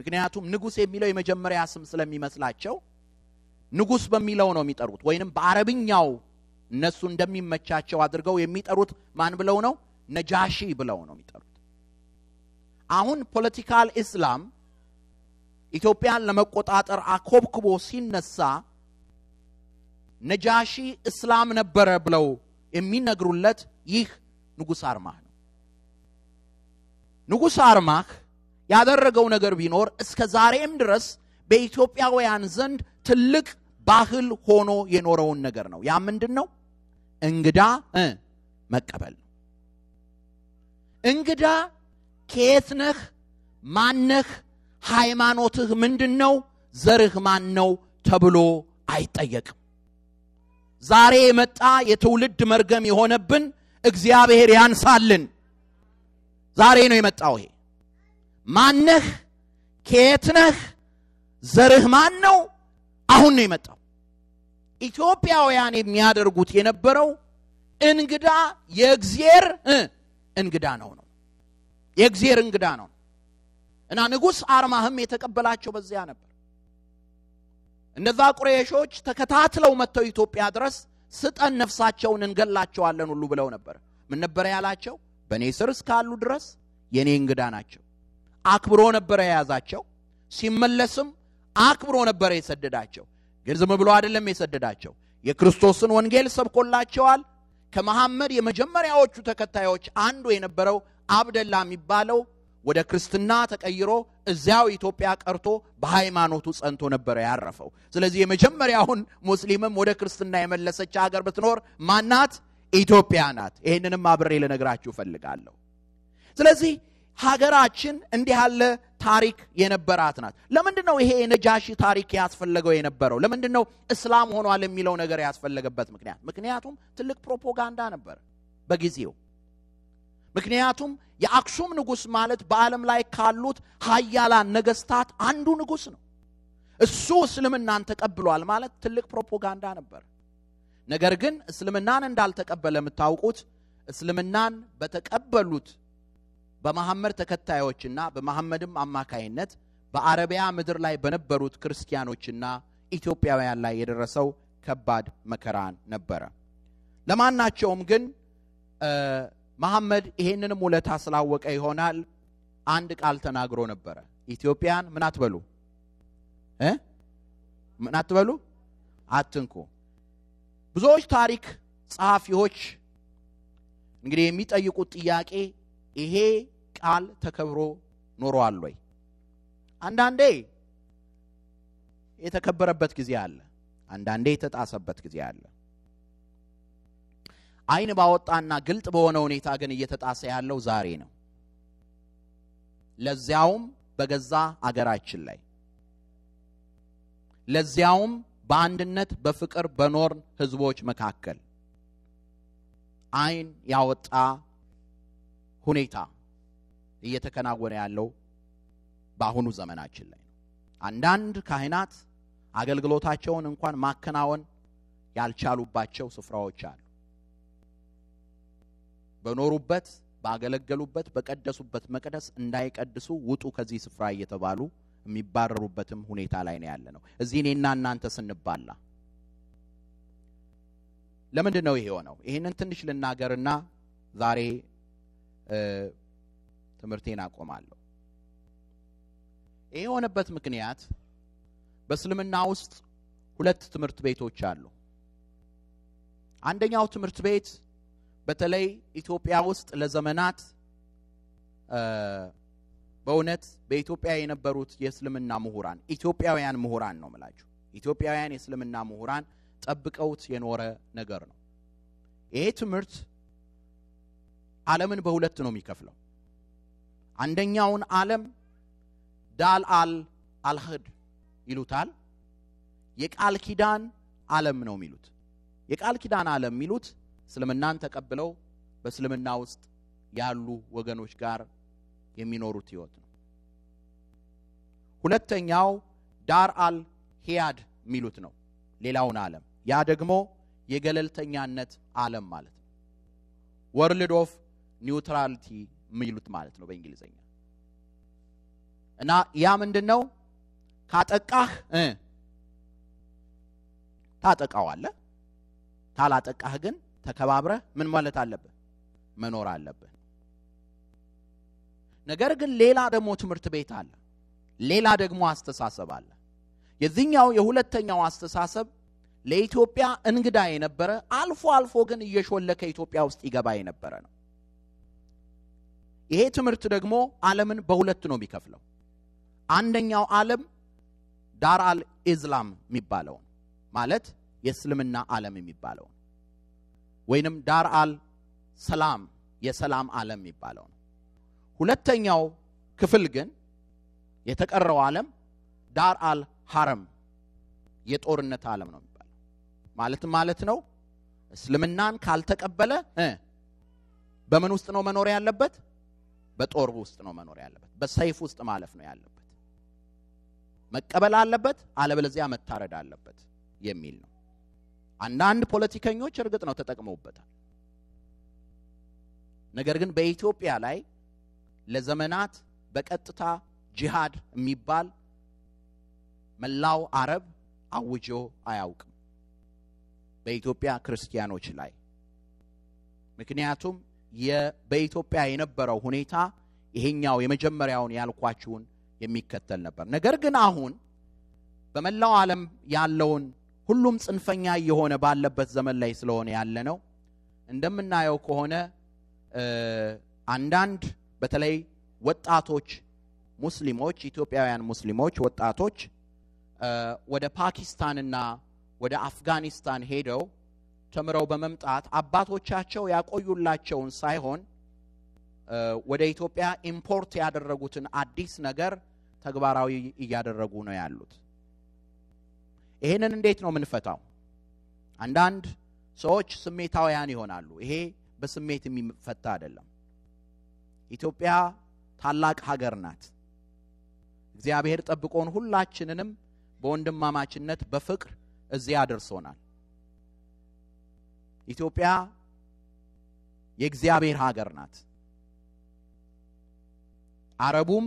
S1: ምክንያቱም ንጉስ የሚለው የመጀመሪያ ስም ስለሚመስላቸው ንጉስ በሚለው ነው የሚጠሩት ወይንም በአረብኛው እነሱ እንደሚመቻቸው አድርገው የሚጠሩት ማን ብለው ነው ነጃሺ ብለው ነው የሚጠሩት አሁን ፖለቲካል ኢስላም ኢትዮጵያን ለመቆጣጠር አኮብክቦ ሲነሳ ነጃሺ እስላም ነበረ ብለው የሚነግሩለት ይህ ንጉሥ አርማህ ነው ንጉሥ አርማህ ያደረገው ነገር ቢኖር እስከ ዛሬም ድረስ በኢትዮጵያውያን ዘንድ ትልቅ ባህል ሆኖ የኖረውን ነገር ነው። ያ ምንድን ነው? እንግዳ መቀበል ነው። እንግዳ ከየት ነህ? ማነህ? ሃይማኖትህ ምንድን ነው? ዘርህ ማን ነው? ተብሎ አይጠየቅም። ዛሬ የመጣ የትውልድ መርገም የሆነብን እግዚአብሔር ያንሳልን። ዛሬ ነው የመጣው ይሄ። ማነህ? ከየት ነህ? ዘርህ ማን ነው አሁን ነው የመጣው ኢትዮጵያውያን የሚያደርጉት የነበረው እንግዳ የእግዚአብሔር እንግዳ ነው ነው የእግዚአብሔር እንግዳ ነው እና ንጉሥ አርማህም የተቀበላቸው በዚያ ነበር እነዛ ቁረይሾች ተከታትለው መጥተው ኢትዮጵያ ድረስ ስጠን ነፍሳቸውን እንገላቸዋለን ሁሉ ብለው ነበር ምን ነበረ ያላቸው በእኔ ስር እስካሉ ድረስ የእኔ እንግዳ ናቸው አክብሮ ነበረ የያዛቸው ሲመለስም አክብሮ ነበረ የሰደዳቸው ግን ዝም ብሎ አይደለም የሰደዳቸው የክርስቶስን ወንጌል ሰብኮላቸዋል ከመሐመድ የመጀመሪያዎቹ ተከታዮች አንዱ የነበረው አብደላ የሚባለው ወደ ክርስትና ተቀይሮ እዚያው ኢትዮጵያ ቀርቶ በሃይማኖቱ ጸንቶ ነበረ ያረፈው ስለዚህ የመጀመሪያውን ሙስሊምም ወደ ክርስትና የመለሰች ሀገር ብትኖር ማናት ኢትዮጵያ ናት ይህንንም አብሬ ልነግራችሁ ፈልጋለሁ ስለዚህ ሀገራችን እንዲህ ያለ ታሪክ የነበራት ናት። ለምንድን ነው ይሄ የነጃሺ ታሪክ ያስፈለገው የነበረው? ለምንድን ነው እስላም ሆኗል የሚለው ነገር ያስፈለገበት ምክንያት? ምክንያቱም ትልቅ ፕሮፓጋንዳ ነበር በጊዜው። ምክንያቱም የአክሱም ንጉሥ ማለት በዓለም ላይ ካሉት ሀያላን ነገስታት አንዱ ንጉሥ ነው። እሱ እስልምናን ተቀብሏል ማለት ትልቅ ፕሮፓጋንዳ ነበር። ነገር ግን እስልምናን እንዳልተቀበለ የምታውቁት እስልምናን በተቀበሉት በመሐመድ ተከታዮችና በመሐመድም አማካይነት በአረቢያ ምድር ላይ በነበሩት ክርስቲያኖችና ኢትዮጵያውያን ላይ የደረሰው ከባድ መከራን ነበረ። ለማናቸውም ግን መሐመድ ይሄንንም ውለታ ስላወቀ ይሆናል አንድ ቃል ተናግሮ ነበረ። ኢትዮጵያን ምን አትበሉ እ ምን አትበሉ አትንኩ። ብዙዎች ታሪክ ጸሐፊዎች እንግዲህ የሚጠይቁት ጥያቄ ይሄ ቃል ተከብሮ ኖሯል ወይ? አንዳንዴ የተከበረበት ጊዜ አለ፣ አንዳንዴ የተጣሰበት ጊዜ አለ። ዓይን ባወጣና ግልጥ በሆነ ሁኔታ ግን እየተጣሰ ያለው ዛሬ ነው። ለዚያውም በገዛ አገራችን ላይ ለዚያውም በአንድነት በፍቅር በኖርን ህዝቦች መካከል ዓይን ያወጣ ሁኔታ እየተከናወነ ያለው በአሁኑ ዘመናችን ላይ ነው። አንዳንድ ካህናት አገልግሎታቸውን እንኳን ማከናወን ያልቻሉባቸው ስፍራዎች አሉ። በኖሩበት ባገለገሉበት በቀደሱበት መቅደስ እንዳይቀድሱ ውጡ ከዚህ ስፍራ እየተባሉ የሚባረሩበትም ሁኔታ ላይ ነው ያለ ነው። እዚህ እኔና እናንተ ስንባላ ለምንድን ነው ይሄ የሆነው? ይህንን ትንሽ ልናገርና ዛሬ ትምህርቴን አቆማለሁ። ይህ የሆነበት ምክንያት በእስልምና ውስጥ ሁለት ትምህርት ቤቶች አሉ። አንደኛው ትምህርት ቤት በተለይ ኢትዮጵያ ውስጥ ለዘመናት በእውነት በኢትዮጵያ የነበሩት የእስልምና ምሁራን ኢትዮጵያውያን ምሁራን ነው ምላችሁ ኢትዮጵያውያን የእስልምና ምሁራን ጠብቀውት የኖረ ነገር ነው። ይሄ ትምህርት ዓለምን በሁለት ነው የሚከፍለው። አንደኛውን ዓለም ዳል አል አልህድ ይሉታል። የቃል ኪዳን ዓለም ነው የሚሉት። የቃል ኪዳን ዓለም የሚሉት እስልምናን ተቀብለው በእስልምና ውስጥ ያሉ ወገኖች ጋር የሚኖሩት ህይወት ነው። ሁለተኛው ዳር አል ሂያድ የሚሉት ነው፣ ሌላውን ዓለም ያ ደግሞ የገለልተኛነት ዓለም ማለት ነው። ወርልድ ኦፍ ኒውትራሊቲ የሚሉት ማለት ነው በእንግሊዝኛ እና ያ ምንድን ነው ካጠቃህ ታጠቃዋለህ ካላጠቃህ ግን ተከባብረህ ምን ማለት አለብህ መኖር አለብህ ነገር ግን ሌላ ደግሞ ትምህርት ቤት አለ ሌላ ደግሞ አስተሳሰብ አለ የዚህኛው የሁለተኛው አስተሳሰብ ለኢትዮጵያ እንግዳ የነበረ አልፎ አልፎ ግን እየሾለከ ኢትዮጵያ ውስጥ ይገባ የነበረ ነው ይሄ ትምህርት ደግሞ ዓለምን በሁለት ነው የሚከፍለው። አንደኛው ዓለም ዳር አል ኢዝላም የሚባለውን ማለት የእስልምና ዓለም የሚባለው ወይንም ዳር አል ሰላም የሰላም ዓለም የሚባለው ነው። ሁለተኛው ክፍል ግን የተቀረው ዓለም ዳር አል ሐረም የጦርነት ዓለም ነው የሚባለው። ማለት ማለት ነው እስልምናን ካልተቀበለ በምን ውስጥ ነው መኖር ያለበት? በጦር ውስጥ ነው መኖር ያለበት። በሰይፍ ውስጥ ማለፍ ነው ያለበት። መቀበል አለበት፣ አለበለዚያ መታረድ አለበት የሚል ነው። አንዳንድ ፖለቲከኞች እርግጥ ነው ተጠቅመውበታል። ነገር ግን በኢትዮጵያ ላይ ለዘመናት በቀጥታ ጂሃድ የሚባል መላው አረብ አውጆ አያውቅም በኢትዮጵያ ክርስቲያኖች ላይ ምክንያቱም በኢትዮጵያ የነበረው ሁኔታ ይሄኛው የመጀመሪያውን ያልኳችሁን የሚከተል ነበር። ነገር ግን አሁን በመላው ዓለም ያለውን ሁሉም ጽንፈኛ እየሆነ ባለበት ዘመን ላይ ስለሆነ ያለ ነው። እንደምናየው ከሆነ አንዳንድ በተለይ ወጣቶች ሙስሊሞች፣ ኢትዮጵያውያን ሙስሊሞች ወጣቶች ወደ ፓኪስታንና ወደ አፍጋኒስታን ሄደው ተምረው በመምጣት አባቶቻቸው ያቆዩላቸውን ሳይሆን ወደ ኢትዮጵያ ኢምፖርት ያደረጉትን አዲስ ነገር ተግባራዊ እያደረጉ ነው ያሉት። ይሄንን እንዴት ነው የምንፈታው? አንዳንድ ሰዎች ስሜታውያን ይሆናሉ። ይሄ በስሜት የሚፈታ አይደለም። ኢትዮጵያ ታላቅ ሀገር ናት። እግዚአብሔር ጠብቆን ሁላችንንም በወንድማማችነት በፍቅር እዚያ አድርሶናል። ኢትዮጵያ የእግዚአብሔር ሀገር ናት። አረቡም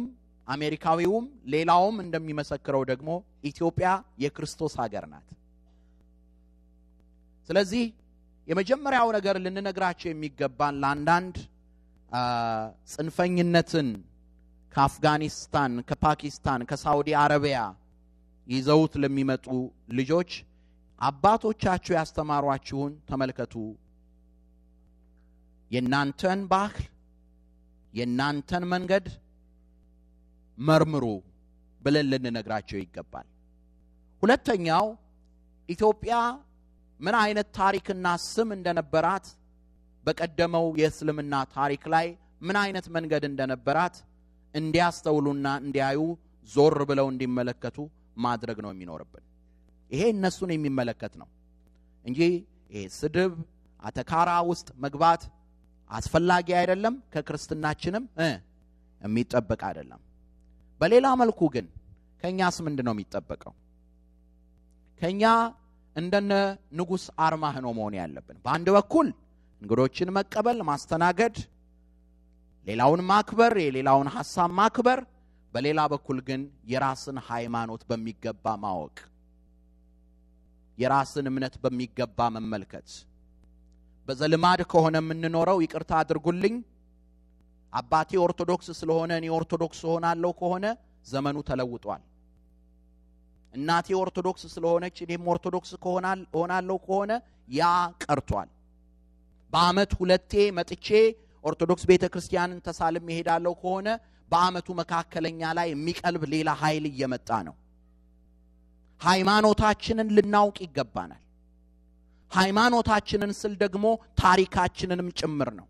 S1: አሜሪካዊውም ሌላውም እንደሚመሰክረው ደግሞ ኢትዮጵያ የክርስቶስ ሀገር ናት። ስለዚህ የመጀመሪያው ነገር ልንነግራቸው የሚገባን ለአንዳንድ ጽንፈኝነትን ከአፍጋኒስታን፣ ከፓኪስታን፣ ከሳውዲ አረቢያ ይዘውት ለሚመጡ ልጆች አባቶቻችሁ ያስተማሯችሁን ተመልከቱ። የእናንተን ባህል የእናንተን መንገድ መርምሩ ብለን ልንነግራቸው ይገባል። ሁለተኛው ኢትዮጵያ ምን አይነት ታሪክና ስም እንደነበራት በቀደመው የእስልምና ታሪክ ላይ ምን አይነት መንገድ እንደነበራት እንዲያስተውሉና እንዲያዩ ዞር ብለው እንዲመለከቱ ማድረግ ነው የሚኖርብን። ይሄ እነሱን የሚመለከት ነው እንጂ ይሄ ስድብ፣ አተካራ ውስጥ መግባት አስፈላጊ አይደለም። ከክርስትናችንም የሚጠበቅ አይደለም። በሌላ መልኩ ግን ከእኛስ ምንድን ነው የሚጠበቀው? ከእኛ እንደነ ንጉሥ አርማህ ነው መሆን ያለብን። በአንድ በኩል እንግዶችን መቀበል፣ ማስተናገድ፣ ሌላውን ማክበር፣ የሌላውን ሀሳብ ማክበር፣ በሌላ በኩል ግን የራስን ሃይማኖት በሚገባ ማወቅ የራስን እምነት በሚገባ መመልከት። በዘልማድ ከሆነ የምንኖረው ይቅርታ አድርጉልኝ፣ አባቴ ኦርቶዶክስ ስለሆነ እኔ ኦርቶዶክስ ሆናለሁ ከሆነ ዘመኑ ተለውጧል። እናቴ ኦርቶዶክስ ስለሆነች እኔም ኦርቶዶክስ ሆናለሁ ከሆነ ያ ቀርቷል። በአመት ሁለቴ መጥቼ ኦርቶዶክስ ቤተ ክርስቲያንን ተሳልም ይሄዳለሁ ከሆነ በአመቱ መካከለኛ ላይ የሚቀልብ ሌላ ኃይል እየመጣ ነው። ሃይማኖታችንን ልናውቅ ይገባናል። ሃይማኖታችንን ስል ደግሞ ታሪካችንንም ጭምር ነው።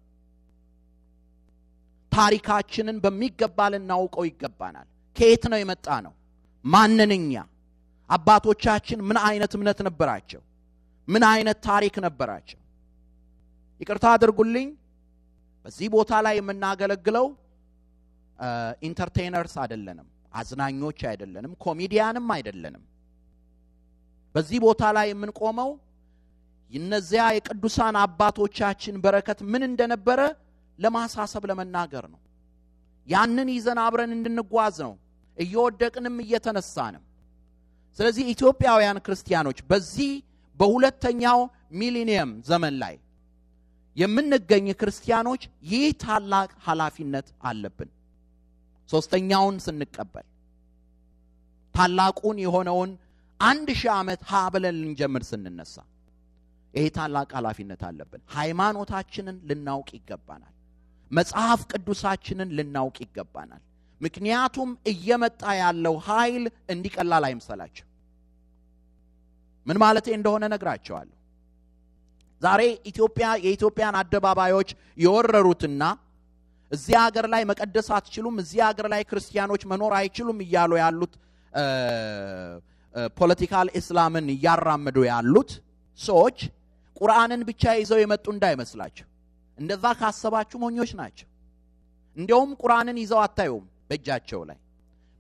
S1: ታሪካችንን በሚገባ ልናውቀው ይገባናል። ከየት ነው የመጣ ነው? ማንንኛ? አባቶቻችን ምን አይነት እምነት ነበራቸው? ምን አይነት ታሪክ ነበራቸው? ይቅርታ አድርጉልኝ፣ በዚህ ቦታ ላይ የምናገለግለው ኢንተርቴነርስ አይደለንም፣ አዝናኞች አይደለንም፣ ኮሚዲያንም አይደለንም። በዚህ ቦታ ላይ የምንቆመው እነዚያ የቅዱሳን አባቶቻችን በረከት ምን እንደነበረ ለማሳሰብ ለመናገር ነው። ያንን ይዘን አብረን እንድንጓዝ ነው፣ እየወደቅንም እየተነሳንም። ስለዚህ ኢትዮጵያውያን ክርስቲያኖች በዚህ በሁለተኛው ሚሊኒየም ዘመን ላይ የምንገኝ ክርስቲያኖች ይህ ታላቅ ኃላፊነት አለብን። ሶስተኛውን ስንቀበል ታላቁን የሆነውን አንድ ሺህ ዓመት ሀ ብለን ልንጀምር ስንነሳ ይሄ ታላቅ ኃላፊነት አለብን። ሃይማኖታችንን ልናውቅ ይገባናል። መጽሐፍ ቅዱሳችንን ልናውቅ ይገባናል። ምክንያቱም እየመጣ ያለው ኃይል እንዲቀላል አይምሰላቸው። ምን ማለት እንደሆነ ነግራቸዋለሁ። ዛሬ ኢትዮጵያ የኢትዮጵያን አደባባዮች የወረሩትና እዚህ ሀገር ላይ መቀደስ አትችሉም፣ እዚህ ሀገር ላይ ክርስቲያኖች መኖር አይችሉም እያሉ ያሉት ፖለቲካል እስላምን እያራመዱ ያሉት ሰዎች ቁርአንን ብቻ ይዘው የመጡ እንዳይመስላቸው። እንደዛ ካሰባችሁ ሞኞች ናቸው። እንዲያውም ቁርአንን ይዘው አታዩም። በእጃቸው ላይ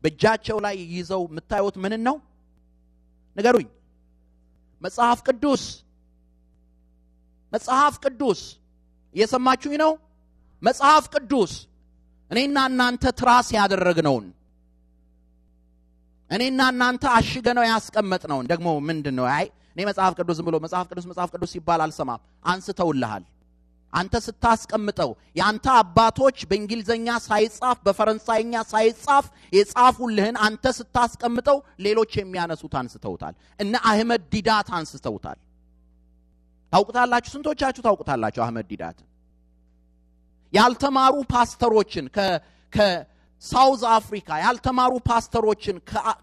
S1: በእጃቸው ላይ ይዘው የምታዩት ምንን ነው? ንገሩኝ። መጽሐፍ ቅዱስ መጽሐፍ ቅዱስ እየሰማችሁኝ ነው? መጽሐፍ ቅዱስ እኔና እናንተ ትራስ ያደረግነውን እኔና እናንተ አሽገ ነው ያስቀመጥ ነውን ደግሞ ምንድን ነው? አይ እኔ መጽሐፍ ቅዱስ ዝም ብሎ መጽሐፍ ቅዱስ መጽሐፍ ቅዱስ ይባል አልሰማም። አንስተውልሃል። አንተ ስታስቀምጠው የአንተ አባቶች በእንግሊዘኛ ሳይጻፍ በፈረንሳይኛ ሳይጻፍ የጻፉልህን አንተ ስታስቀምጠው ሌሎች የሚያነሱት አንስተውታል። እነ አህመድ ዲዳት አንስተውታል። ታውቁታላችሁ። ስንቶቻችሁ ታውቁታላችሁ አህመድ ዲዳት ያልተማሩ ፓስተሮችን ሳውዝ አፍሪካ ያልተማሩ ፓስተሮችን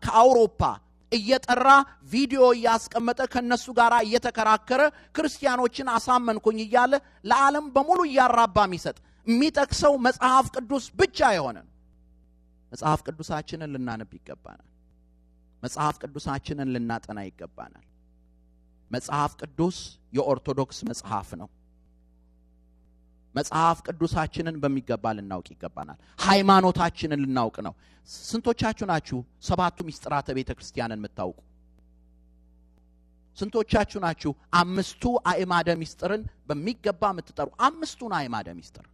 S1: ከአውሮፓ እየጠራ ቪዲዮ እያስቀመጠ ከነሱ ጋር እየተከራከረ ክርስቲያኖችን አሳመንኩኝ እያለ ለዓለም በሙሉ እያራባ የሚሰጥ የሚጠቅሰው መጽሐፍ ቅዱስ ብቻ የሆነ ነው። መጽሐፍ ቅዱሳችንን ልናነብ ይገባናል። መጽሐፍ ቅዱሳችንን ልናጠና ይገባናል። መጽሐፍ ቅዱስ የኦርቶዶክስ መጽሐፍ ነው። መጽሐፍ ቅዱሳችንን በሚገባ ልናውቅ ይገባናል። ሃይማኖታችንን ልናውቅ ነው። ስንቶቻችሁ ናችሁ ሰባቱ ሚስጥራተ ቤተ ክርስቲያንን የምታውቁ? ስንቶቻችሁ ናችሁ አምስቱ አእማደ ሚስጥርን በሚገባ የምትጠሩ? አምስቱን አእማደ ሚስጥር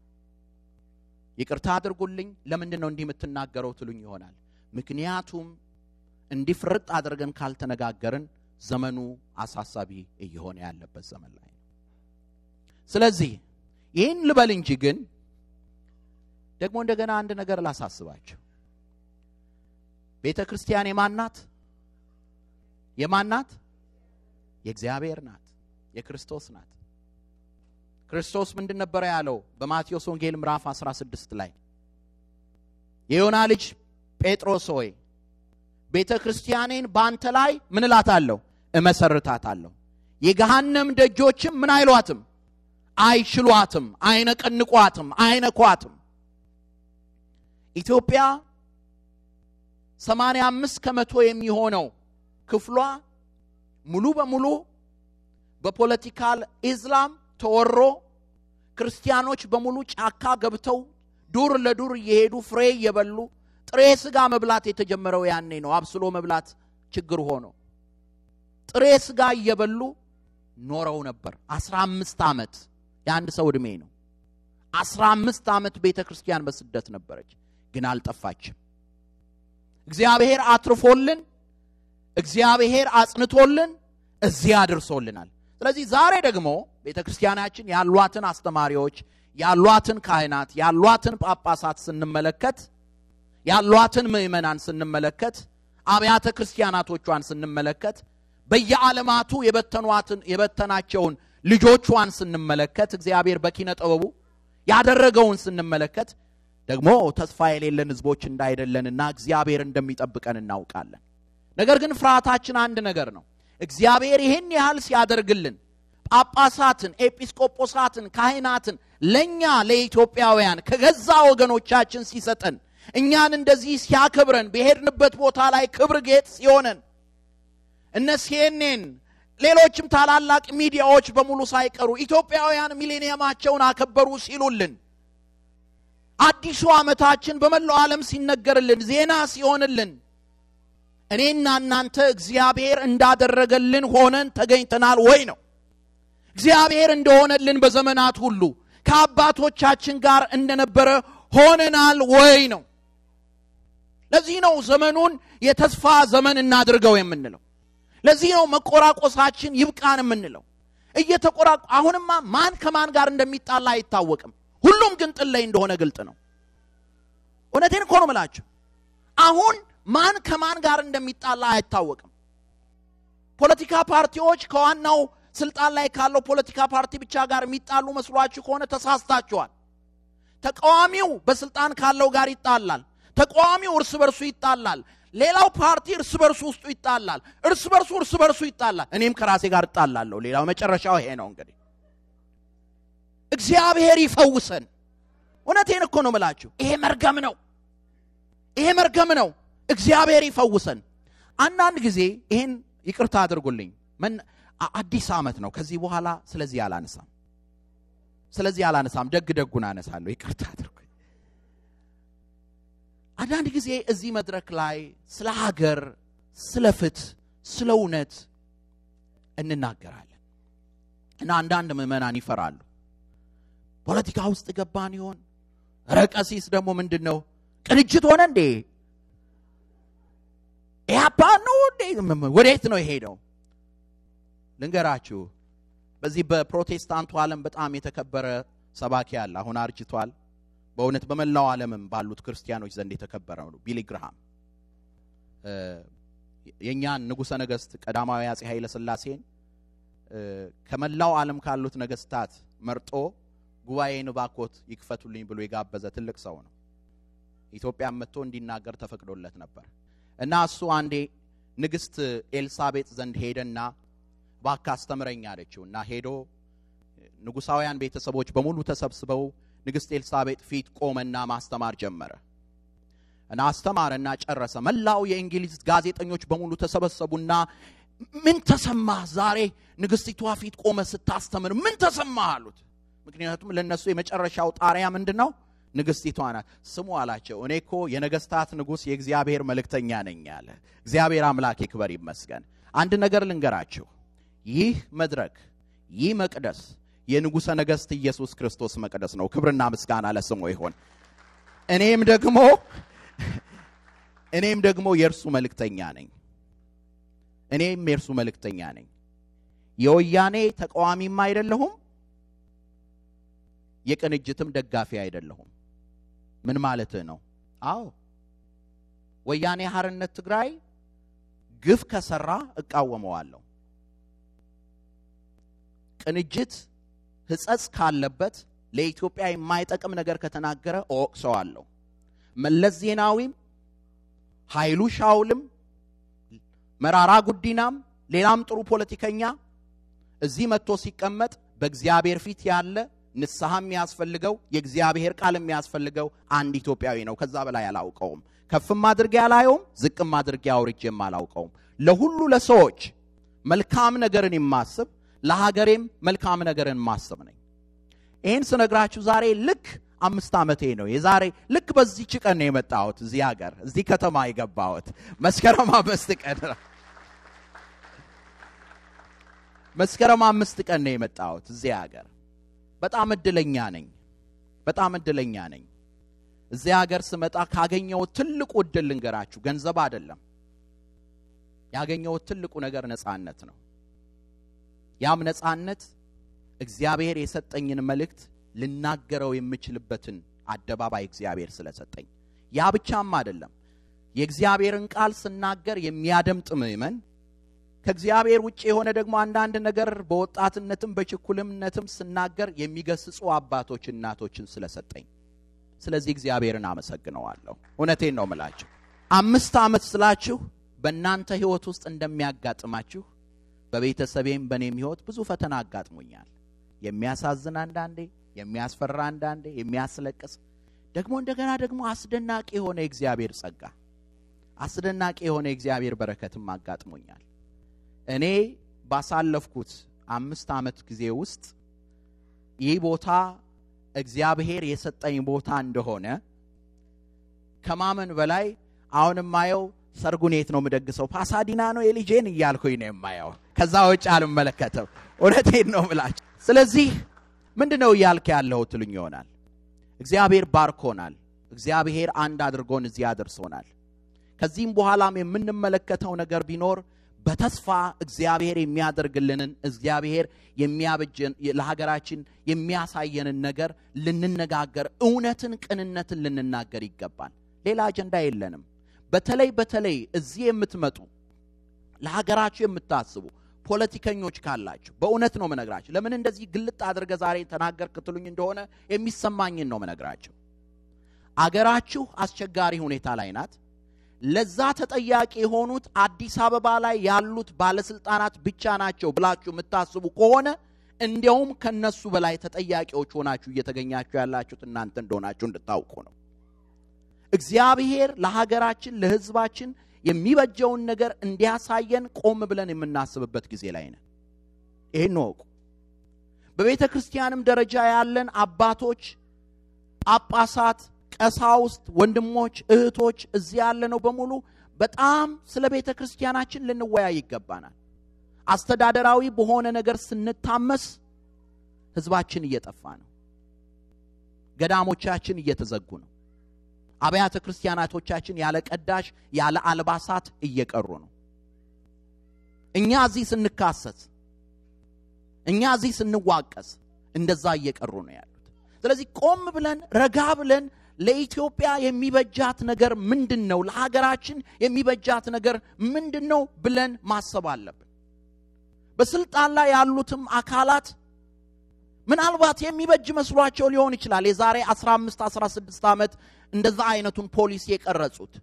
S1: ይቅርታ አድርጉልኝ፣ ለምንድን ነው እንዲህ የምትናገረው ትሉኝ ይሆናል። ምክንያቱም እንዲህ ፍርጥ አድርገን ካልተነጋገርን ዘመኑ አሳሳቢ እየሆነ ያለበት ዘመን ላይ ነው። ስለዚህ ይህን ልበል እንጂ ግን ደግሞ እንደገና አንድ ነገር ላሳስባቸው። ቤተ ክርስቲያን የማናት? የማናት? የእግዚአብሔር ናት፣ የክርስቶስ ናት። ክርስቶስ ምንድን ነበረ ያለው? በማቴዎስ ወንጌል ምዕራፍ 16 ላይ የዮና ልጅ ጴጥሮስ ሆይ ቤተ ክርስቲያኔን በአንተ ላይ ምን እላታለሁ? እመሰርታታለሁ፣ የገሃነም ደጆችም ምን አይሏትም አይችሏትም፣ አይነቀንቋትም፣ አይነኳትም። ኢትዮጵያ 85 ከመቶ የሚሆነው ክፍሏ ሙሉ በሙሉ በፖለቲካል ኢስላም ተወሮ ክርስቲያኖች በሙሉ ጫካ ገብተው ዱር ለዱር እየሄዱ ፍሬ እየበሉ ጥሬ ስጋ መብላት የተጀመረው ያኔ ነው። አብስሎ መብላት ችግር ሆኖ ጥሬ ስጋ እየበሉ ኖረው ነበር አስራ አምስት ዓመት የአንድ ሰው ዕድሜ ነው። አስራ አምስት ዓመት ቤተ ክርስቲያን በስደት ነበረች፣ ግን አልጠፋችም። እግዚአብሔር አትርፎልን፣ እግዚአብሔር አጽንቶልን እዚህ አድርሶልናል። ስለዚህ ዛሬ ደግሞ ቤተ ክርስቲያናችን ያሏትን አስተማሪዎች፣ ያሏትን ካህናት፣ ያሏትን ጳጳሳት ስንመለከት፣ ያሏትን ምዕመናን ስንመለከት፣ አብያተ ክርስቲያናቶቿን ስንመለከት በየዓለማቱ የበተኗትን የበተናቸውን ልጆቿን ስንመለከት እግዚአብሔር በኪነ ጥበቡ ያደረገውን ስንመለከት ደግሞ ተስፋ የሌለን ህዝቦች እንዳይደለንና እግዚአብሔር እንደሚጠብቀን እናውቃለን። ነገር ግን ፍርሃታችን አንድ ነገር ነው። እግዚአብሔር ይህን ያህል ሲያደርግልን ጳጳሳትን፣ ኤጲስቆጶሳትን፣ ካህናትን ለእኛ ለኢትዮጵያውያን ከገዛ ወገኖቻችን ሲሰጠን እኛን እንደዚህ ሲያከብረን በሄድንበት ቦታ ላይ ክብር ጌጥ ሲሆነን እነ ሲኤንኤን ሌሎችም ታላላቅ ሚዲያዎች በሙሉ ሳይቀሩ ኢትዮጵያውያን ሚሌኒየማቸውን አከበሩ ሲሉልን አዲሱ ዓመታችን በመላው ዓለም ሲነገርልን ዜና ሲሆንልን እኔና እናንተ እግዚአብሔር እንዳደረገልን ሆነን ተገኝተናል ወይ ነው እግዚአብሔር እንደሆነልን በዘመናት ሁሉ ከአባቶቻችን ጋር እንደነበረ ሆነናል ወይ ነው ለዚህ ነው ዘመኑን የተስፋ ዘመን እናድርገው የምንለው ለዚህ ነው መቆራቆሳችን ይብቃን የምንለው እየተቆራ አሁንማ ማን ከማን ጋር እንደሚጣላ አይታወቅም ሁሉም ግን ጥል ላይ እንደሆነ ግልጥ ነው እውነቴን እኮ ነው ምላችሁ አሁን ማን ከማን ጋር እንደሚጣላ አይታወቅም ፖለቲካ ፓርቲዎች ከዋናው ስልጣን ላይ ካለው ፖለቲካ ፓርቲ ብቻ ጋር የሚጣሉ መስሏችሁ ከሆነ ተሳስታችኋል ተቃዋሚው በስልጣን ካለው ጋር ይጣላል ተቃዋሚው እርስ በርሱ ይጣላል ሌላው ፓርቲ እርስ በርሱ ውስጡ ይጣላል። እርስ በርሱ እርስ በርሱ ይጣላል። እኔም ከራሴ ጋር እጣላለሁ። ሌላው መጨረሻው ይሄ ነው። እንግዲህ እግዚአብሔር ይፈውሰን። እውነቴን እኮ ነው ምላችሁ። ይሄ መርገም ነው፣ ይሄ መርገም ነው። እግዚአብሔር ይፈውሰን። አንዳንድ ጊዜ ይህን ይቅርታ አድርጉልኝ። አዲስ ዓመት ነው። ከዚህ በኋላ ስለዚህ አላነሳም፣ ስለዚህ አላነሳም። ደግ ደጉን አነሳለሁ። ይቅርታ አድርጉ አንዳንድ ጊዜ እዚህ መድረክ ላይ ስለ ሀገር፣ ስለ ፍት ስለ እውነት እንናገራለን እና አንዳንድ ምዕመናን ይፈራሉ። ፖለቲካ ውስጥ ገባን ይሆን? ረቀሲስ ደግሞ ምንድን ነው ቅንጅት ሆነ እንዴ? ኢህአፓ ነው እንዴ? ወዴት ነው የሄደው? ልንገራችሁ፣ በዚህ በፕሮቴስታንቱ አለም በጣም የተከበረ ሰባኪ አለ። አሁን አርጅቷል። በእውነት በመላው ዓለምም ባሉት ክርስቲያኖች ዘንድ የተከበረ ነው። ቢሊ ግርሃም የእኛን ንጉሠ ነገሥት ቀዳማዊ አጼ ኃይለ ሥላሴን ከመላው ዓለም ካሉት ነገስታት መርጦ ጉባኤ ንባኮት ይክፈቱልኝ ብሎ የጋበዘ ትልቅ ሰው ነው። ኢትዮጵያ መጥቶ እንዲናገር ተፈቅዶለት ነበር እና እሱ አንዴ ንግስት ኤልሳቤጥ ዘንድ ሄደና ባካ አስተምረኝ አለችው እና ሄዶ ንጉሳውያን ቤተሰቦች በሙሉ ተሰብስበው ንግሥት ኤልሳቤጥ ፊት ቆመና ማስተማር ጀመረ እና አስተማረና ጨረሰ። መላው የእንግሊዝ ጋዜጠኞች በሙሉ ተሰበሰቡና ምን ተሰማ ዛሬ ንግሥቲቷ ፊት ቆመ ስታስተምር ምን ተሰማ አሉት። ምክንያቱም ለእነሱ የመጨረሻው ጣሪያ ምንድን ነው? ንግሥቲቷ ናት። ስሙ አላቸው፣ እኔ እኮ የነገስታት ንጉሥ የእግዚአብሔር መልእክተኛ ነኝ አለ። እግዚአብሔር አምላክ ክበር ይመስገን። አንድ ነገር ልንገራችሁ፣ ይህ መድረክ ይህ መቅደስ የንጉሠ ነገሥት ኢየሱስ ክርስቶስ መቅደስ ነው። ክብርና ምስጋና ለስሙ ይሆን። እኔም ደግሞ እኔም ደግሞ የእርሱ መልእክተኛ ነኝ። እኔም የእርሱ መልእክተኛ ነኝ። የወያኔ ተቃዋሚም አይደለሁም፣ የቅንጅትም ደጋፊ አይደለሁም። ምን ማለትህ ነው? አዎ ወያኔ ሀርነት ትግራይ ግፍ ከሰራ እቃወመዋለሁ። ቅንጅት ሕጸጽ ካለበት ለኢትዮጵያ የማይጠቅም ነገር ከተናገረ እወቅሰዋለሁ። መለስ ዜናዊም ኃይሉ ሻውልም መራራ ጉዲናም ሌላም ጥሩ ፖለቲከኛ እዚህ መጥቶ ሲቀመጥ በእግዚአብሔር ፊት ያለ ንስሐ የሚያስፈልገው የእግዚአብሔር ቃል የሚያስፈልገው አንድ ኢትዮጵያዊ ነው። ከዛ በላይ አላውቀውም። ከፍም አድርጌ አላየውም፣ ዝቅም አድርጌ አውርጄም አላውቀውም። ለሁሉ ለሰዎች መልካም ነገርን የማስብ ለሀገሬም መልካም ነገርን ማሰብ ነኝ። ይህን ስነግራችሁ ዛሬ ልክ አምስት ዓመቴ ነው። የዛሬ ልክ በዚች ቀን ነው የመጣሁት እዚህ ሀገር እዚህ ከተማ የገባሁት መስከረም አምስት ቀን መስከረም አምስት ቀን ነው የመጣሁት እዚህ ሀገር። በጣም እድለኛ ነኝ። በጣም እድለኛ ነኝ። እዚህ ሀገር ስመጣ ካገኘው ትልቁ እድል ልንገራችሁ፣ ገንዘብ አይደለም። ያገኘው ትልቁ ነገር ነፃነት ነው። ያም ነፃነት እግዚአብሔር የሰጠኝን መልእክት ልናገረው የምችልበትን አደባባይ እግዚአብሔር ስለሰጠኝ ያ ብቻም አይደለም። የእግዚአብሔርን ቃል ስናገር የሚያደምጥ ምእመን ከእግዚአብሔር ውጭ የሆነ ደግሞ አንዳንድ ነገር በወጣትነትም በችኩልነትም ስናገር የሚገስጹ አባቶች እናቶችን ስለሰጠኝ፣ ስለዚህ እግዚአብሔርን አመሰግነዋለሁ። እውነቴን ነው ምላችሁ። አምስት ዓመት ስላችሁ በእናንተ ሕይወት ውስጥ እንደሚያጋጥማችሁ በቤተሰቤም በእኔም ህይወት ብዙ ፈተና አጋጥሞኛል። የሚያሳዝን አንዳንዴ፣ የሚያስፈራ አንዳንዴ፣ የሚያስለቅስ ደግሞ እንደገና ደግሞ አስደናቂ የሆነ እግዚአብሔር ጸጋ፣ አስደናቂ የሆነ እግዚአብሔር በረከትም አጋጥሞኛል። እኔ ባሳለፍኩት አምስት ዓመት ጊዜ ውስጥ ይህ ቦታ እግዚአብሔር የሰጠኝ ቦታ እንደሆነ ከማመን በላይ አሁን ማየው ሰርጉን የት ነው የምደግሰው? ፓሳዲና ነው የልጄን እያልኩኝ ነው የማየው። ከዛ ውጭ አልመለከትም። እውነቴን ነው ምላችሁ። ስለዚህ ምንድን ነው እያልክ ያለው ትሉኝ ይሆናል። እግዚአብሔር ባርኮናል። እግዚአብሔር አንድ አድርጎን እዚህ አድርሶናል። ከዚህም በኋላም የምንመለከተው ነገር ቢኖር በተስፋ እግዚአብሔር የሚያደርግልንን እግዚአብሔር የሚያበጀን ለሀገራችን የሚያሳየንን ነገር ልንነጋገር፣ እውነትን፣ ቅንነትን ልንናገር ይገባል። ሌላ አጀንዳ የለንም። በተለይ በተለይ እዚህ የምትመጡ ለሀገራችሁ የምታስቡ ፖለቲከኞች ካላችሁ በእውነት ነው ምነግራችሁ። ለምን እንደዚህ ግልጥ አድርገ ዛሬ ተናገር ክትሉኝ እንደሆነ የሚሰማኝን ነው ምነግራችሁ። አገራችሁ አስቸጋሪ ሁኔታ ላይ ናት። ለዛ ተጠያቂ የሆኑት አዲስ አበባ ላይ ያሉት ባለስልጣናት ብቻ ናቸው ብላችሁ የምታስቡ ከሆነ እንዲያውም ከነሱ በላይ ተጠያቂዎች ሆናችሁ እየተገኛችሁ ያላችሁት እናንተ እንደሆናችሁ እንድታውቁ ነው። እግዚአብሔር ለሀገራችን ለህዝባችን የሚበጀውን ነገር እንዲያሳየን ቆም ብለን የምናስብበት ጊዜ ላይ ነን። ይህን ወቁ። በቤተ ክርስቲያንም ደረጃ ያለን አባቶች፣ ጳጳሳት፣ ቀሳውስት፣ ወንድሞች፣ እህቶች እዚህ ያለ ነው በሙሉ በጣም ስለ ቤተ ክርስቲያናችን ልንወያይ ይገባናል። አስተዳደራዊ በሆነ ነገር ስንታመስ ህዝባችን እየጠፋ ነው። ገዳሞቻችን እየተዘጉ ነው። አብያተ ክርስቲያናቶቻችን ያለ ቀዳሽ ያለ አልባሳት እየቀሩ ነው። እኛ እዚህ ስንካሰት፣ እኛ እዚህ ስንዋቀስ እንደዛ እየቀሩ ነው ያሉት። ስለዚህ ቆም ብለን ረጋ ብለን ለኢትዮጵያ የሚበጃት ነገር ምንድን ነው? ለሀገራችን የሚበጃት ነገር ምንድን ነው ብለን ማሰብ አለብን። በስልጣን ላይ ያሉትም አካላት ምናልባት የሚበጅ መስሏቸው ሊሆን ይችላል የዛሬ 15 16 ዓመት እንደዛ አይነቱን ፖሊሲ የቀረጹት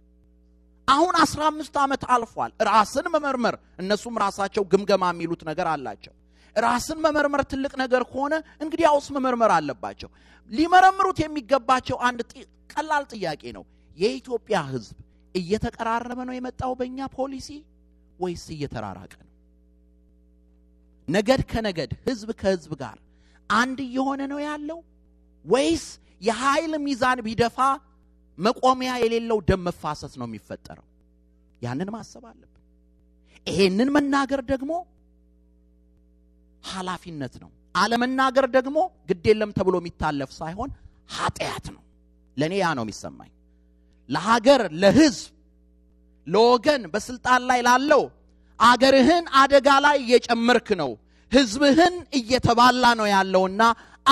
S1: አሁን 15 ዓመት አልፏል ራስን መመርመር እነሱም ራሳቸው ግምገማ የሚሉት ነገር አላቸው ራስን መመርመር ትልቅ ነገር ከሆነ እንግዲህ አውስ መመርመር አለባቸው ሊመረምሩት የሚገባቸው አንድ ቀላል ጥያቄ ነው የኢትዮጵያ ህዝብ እየተቀራረበ ነው የመጣው በእኛ ፖሊሲ ወይስ እየተራራቀ ነው ነገድ ከነገድ ህዝብ ከህዝብ ጋር አንድ እየሆነ ነው ያለው ወይስ የኃይል ሚዛን ቢደፋ መቆሚያ የሌለው ደም መፋሰስ ነው የሚፈጠረው? ያንን ማሰብ አለብን። ይሄንን መናገር ደግሞ ኃላፊነት ነው። አለመናገር ደግሞ ግድ የለም ተብሎ የሚታለፍ ሳይሆን ኃጢአት ነው። ለእኔ ያ ነው የሚሰማኝ። ለሀገር፣ ለህዝብ፣ ለወገን፣ በስልጣን ላይ ላለው አገርህን አደጋ ላይ እየጨመርክ ነው። ህዝብህን እየተባላ ነው ያለውና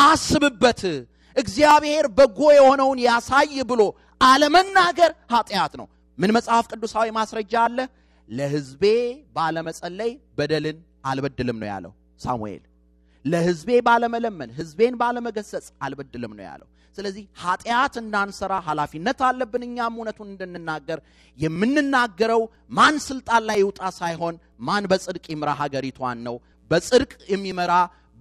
S1: አስብበት እግዚአብሔር በጎ የሆነውን ያሳይ ብሎ አለመናገር ኃጢአት ነው ምን መጽሐፍ ቅዱሳዊ ማስረጃ አለ ለህዝቤ ባለመጸለይ በደልን አልበድልም ነው ያለው ሳሙኤል ለህዝቤ ባለመለመን ህዝቤን ባለመገሰጽ አልበድልም ነው ያለው ስለዚህ ኃጢአት እንዳንሰራ ኃላፊነት አለብን እኛም እውነቱን እንድንናገር የምንናገረው ማን ስልጣን ላይ ይውጣ ሳይሆን ማን በጽድቅ ይምራ ሀገሪቷን ነው በጽድቅ የሚመራ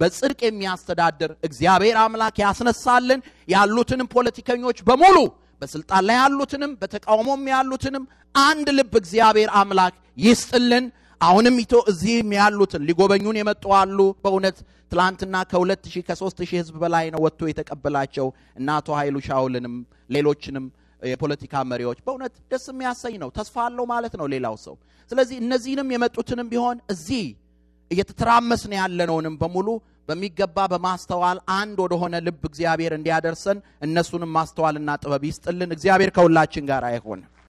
S1: በጽድቅ የሚያስተዳድር እግዚአብሔር አምላክ ያስነሳልን ያሉትንም ፖለቲከኞች በሙሉ በስልጣን ላይ ያሉትንም በተቃውሞም ያሉትንም አንድ ልብ እግዚአብሔር አምላክ ይስጥልን አሁንም ኢቶ እዚህም ያሉትን ሊጎበኙን የመጡ አሉ በእውነት ትላንትና ከሁለት ሺህ ከሶስት ሺህ ህዝብ በላይ ነው ወጥቶ የተቀበላቸው እና አቶ ኃይሉ ሻውልንም ሌሎችንም የፖለቲካ መሪዎች በእውነት ደስ የሚያሰኝ ነው ተስፋ አለው ማለት ነው ሌላው ሰው ስለዚህ እነዚህንም የመጡትንም ቢሆን እዚህ እየተተራመስን ያለነውንም በሙሉ በሚገባ በማስተዋል አንድ ወደሆነ ልብ እግዚአብሔር እንዲያደርሰን እነሱንም ማስተዋልና ጥበብ ይስጥልን። እግዚአብሔር ከሁላችን ጋር አይሆን።